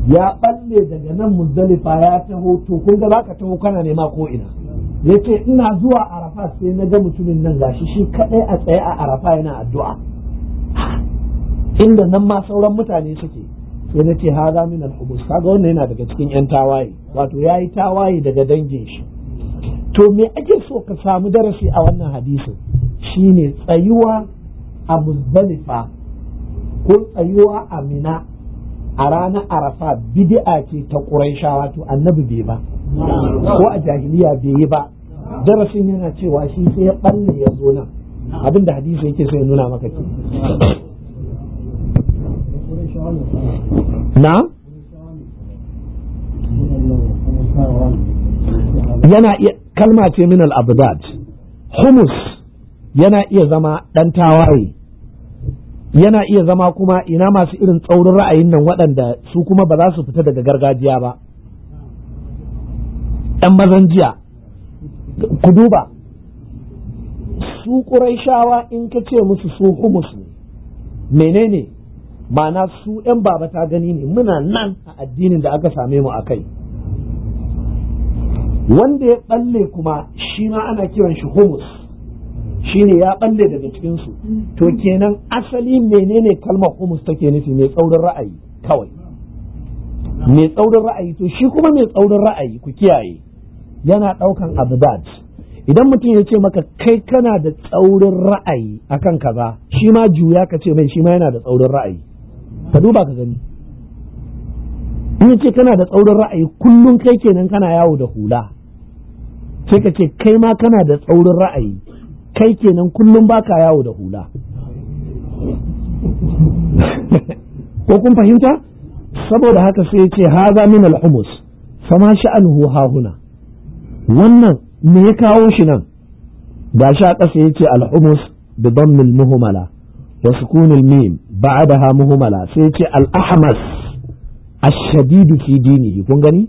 ya balle daga nan muzdalifa ya taho to kun ga baka taho kana nema ko ina yace ina zuwa arafa sai na ga mutumin nan gashi shi kadai a tsaye a arafa yana addu'a inda nan ma sauran mutane suke sai na ce haza min al-hubus kaga wannan yana daga cikin yan tawaye wato yayi tawaye daga dangin shi to me ake so ka samu darasi a wannan hadisin shine tsayuwa a muzdalifa ko tsayuwa a mina a ranar arafa bid'a ce ta quraisha wato annabi bai ba ko a jahiliya bai yi ba darasin yana cewa shi sai ya balle ya zo nan abinda hadisi yake so ya nuna maka ke na yana iya kalma ce min al-abdad humus yana iya zama dan tawaye yana iya zama kuma ina masu irin tsaurin ra'ayin nan waɗanda su kuma ba za su fita daga gargajiya ba ɗan mazan jiya ku duba su ƙuraishawa in ka ce musu su humus ne menene ma'ana su yan baba ta gani ne muna nan a addinin da aka same mu a kai wanda ya ɓalle kuma shi ma ana kiran shi humus shi ne ya balle daga cikinsu to kenan asali menene kalmar humus take nufi mai tsaurin ra'ayi kawai mai tsaurin ra'ayi to shi kuma mai tsaurin ra'ayi ku kiyaye yana ɗaukan abdad idan mutum ya ce maka kai kana da tsaurin ra'ayi akan kaza shi ma juya ka ce mai shi ma yana da tsaurin ra'ayi ka duba ka gani in ce kana da tsaurin ra'ayi kullum kai kenan kana yawo da hula sai ka ce kai ma kana da tsaurin ra'ayi kai kenan kullum baka yawo da hula ko kun fahimta saboda haka sai ce haza min al-humus fama sha'anuhu hahuna wannan me ya kawo shi nan gashi a ƙasa yace al-humus bi dammil muhmala wa sukunil mim ba'adaha muhmala sai ce al-ahmas ash-shadid fi dinihi kun gani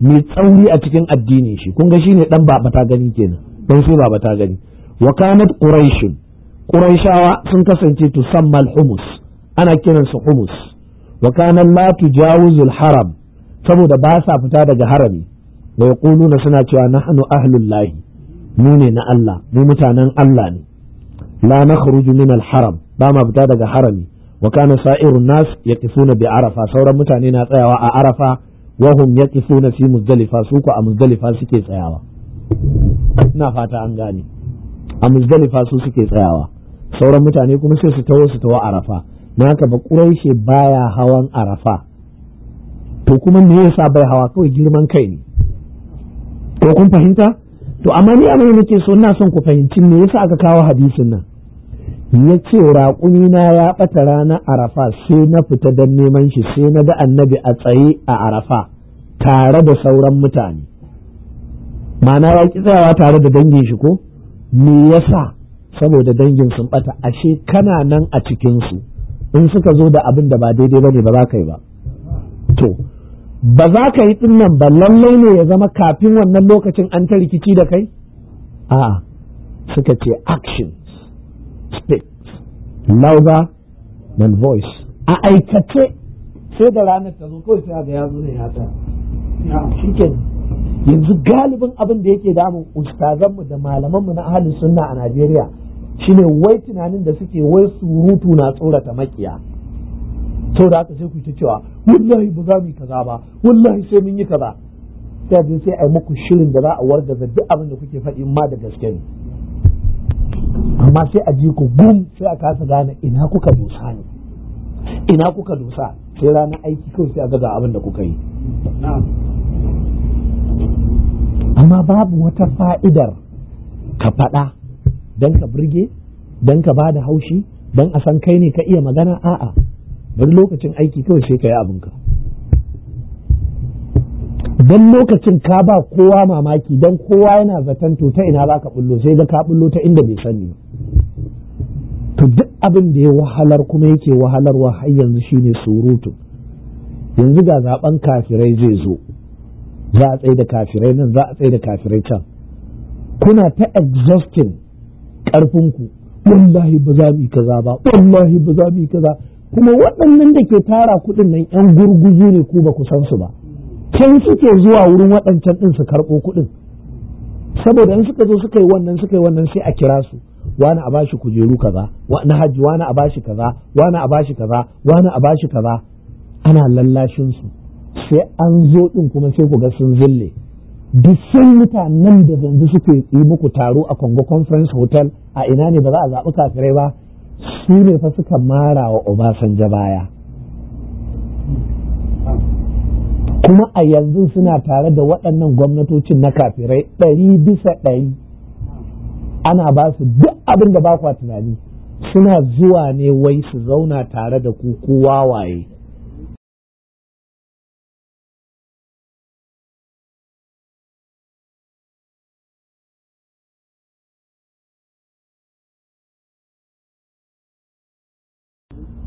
mai tsauri a cikin addinin shi kun ga shine dan babata gani kenan dan sai babata gani wa quraishawa sun kasance Tusammal humus ana kiransu humus wa kana la tujawizu haram saboda basa fita daga harami da yaquluna suna cewa na hannu Ahlullahi mu ne na Allah mu mutanen Allah ne la nakhruju min haram ba ma fita daga harami wa kana sa'irun nas yaqifuna bi arafa sauran mutane na tsayawa a arafa wa hum yaqifuna fi muzdalifa su ko a muzdalifa suke tsayawa ina fata an gane a muzdalifa su suke tsayawa sauran mutane kuma sai su taho su taho arafa na haka ba quraishi baya hawan arafa to kuma me yasa bai hawa kawai girman kai ne to kun fahimta to amma ni amma nake so ina son ku fahimci me yasa aka kawo hadisin nan ya ce raƙumi na ya ɓata ranar arafa sai na fita don neman shi sai na ga annabi a tsaye a arafa tare da sauran mutane ma'ana ya ƙi tsayawa tare da dangin shi ko me yasa saboda dangin sun ɓata ashe kana nan a cikinsu in suka zo da abin da ba daidai ba ne ba za ka yi ba to ba za ka yi ɗinnan ba lallai ne ya zama kafin wannan lokacin an ta rikici da kai a'a suka ce action speak louder than voice a aikace sai da ranar ta zo kawai sai ga ya zo ne ya ta shi yanzu galibin abin da yake damun ustazanmu da malamanmu na ahalin sunna a Najeriya shine wai tunanin da suke wai surutu na tsorata makiya to da aka sai ku ta cewa wallahi ba za mu yi kaza ba wallahi sai mun yi kaza sai sai a yi muku shirin da za a wargaza duk abin da kuke faɗi ma da gaske ne amma sai a ji ku gum sai a kasa gane ina kuka dusa ne ina kuka dusa sai ranar aiki kawai sai a gaza abin da kuka yi amma babu wata fa'idar ka faɗa don ka burge don ka ba da haushi don a san kai ne ka iya magana a'a bari lokacin aiki kawai sai ka yi abinka Don lokacin ka ba kowa mamaki don kowa yana zaton to ta ina zaka bullo sai ga ka bullo ta inda bai sani to duk abin da ya wahalar kuma yake wahalarwa har yanzu shine surutu yanzu ga zaben kafirai zai zo za a tsaye da kafirai nan za a tsaye da kafirai can kuna ta exhausting ƙarfinku wallahi ba za mu yi kaza ba wallahi ba za mu yi kaza kuma waɗannan da ke tara kuɗin nan 'yan gurguzu ne ku ba ku san su ba can suke zuwa wurin waɗancan ɗin su karɓo kuɗin saboda in suka zo suka yi wannan suka yi wannan sai a kira su wani a bashi kujeru kaza na hajji wani a bashi kaza wani a bashi kaza wani a bashi kaza ana lallashin su sai an zo ɗin kuma sai ku ga sun zille duk san mutanen da yanzu suke yi muku taro a Congo Conference Hotel a ina ne ba za a zaɓi kafirai ba su ne fa suka mara wa Obasanjo baya kuma a yanzu suna tare da waɗannan gwamnatocin na kafirai ɗari bisa ɗari ana ba su duk abin da ba kwa tunani suna zuwa ne wai su zauna tare da ku kowa waye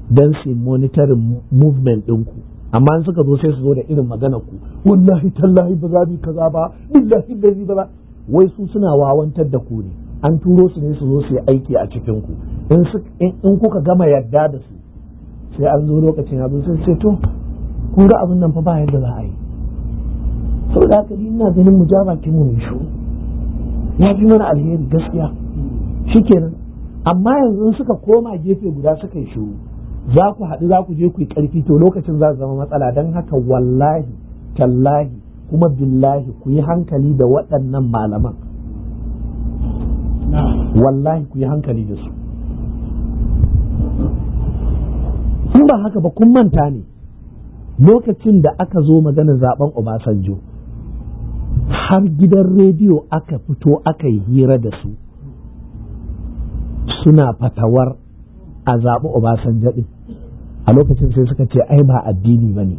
don su monitorin movement ɗinku amma in suka zo sai su zo da irin magana ku wallahi tallahi ba za mu kaza ba billahi ba zai ba wai su suna wawantar da ku ne an turo su ne su zo su yi aiki a cikin ku in kuka gama yadda da su sai an zo lokacin abin sun sai to kun ga abin nan fa ba yadda za a yi saboda haka ni ina ganin mu ja bakin mu shu ya fi mana alheri gaskiya shikenan amma yanzu suka koma gefe guda suka yi shiru za ku haɗu za ku je ku yi ƙarfi to lokacin za zama matsala don haka wallahi tallahi kuma billahi ku yi hankali da waɗannan malaman wallahi ku yi hankali da su in ba haka ba kun manta ne lokacin da aka zo maganar zaben Obasanjo har gidan rediyo aka fito aka yi hira da su suna fatawar a zaɓi Obasanjo ɗin. a lokacin sai suka ce ai ba addini ba ne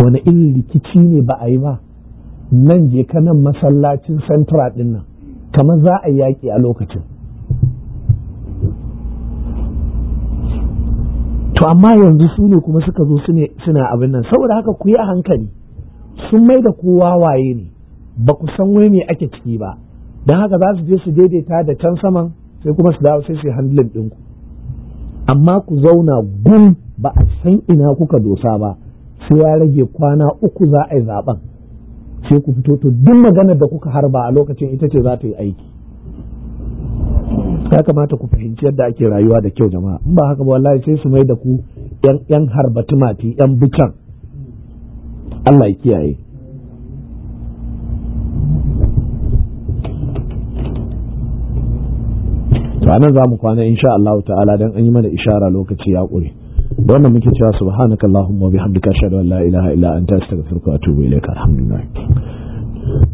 wani irin rikici ne ba a yi ba nan je ka nan masallacin central ɗin nan kamar za a yaƙi a lokacin to amma yanzu su ne kuma suka zo suna abin nan saboda haka ku yi a hankali sun mai da kowa waye ne ba ku san wai me ake ciki ba don haka za su je su daidaita da can saman sai kuma su dawo sai su yi handlin ɗinku amma ku zauna gun ba a san ina kuka dosa ba sai ya rage kwana uku za a yi zaben sai ku fito to duk maganar da kuka harba a lokacin ita ce za ta yi aiki ya kamata ku fahimci yadda ake rayuwa da kyau jama'a in ba haka ba wallahi sai su mai da ku yan harba tumati yan bikin. Allah ya kiyaye ranar za mu kwana insha Allah ta'ala dan an yi mana ishara lokaci ya ƙure wannan muke cewa subhanaka allahumma bihamdika ashhadu an la ilaha illa anta astaghfiruka wa atubu ilaika alhamdulillah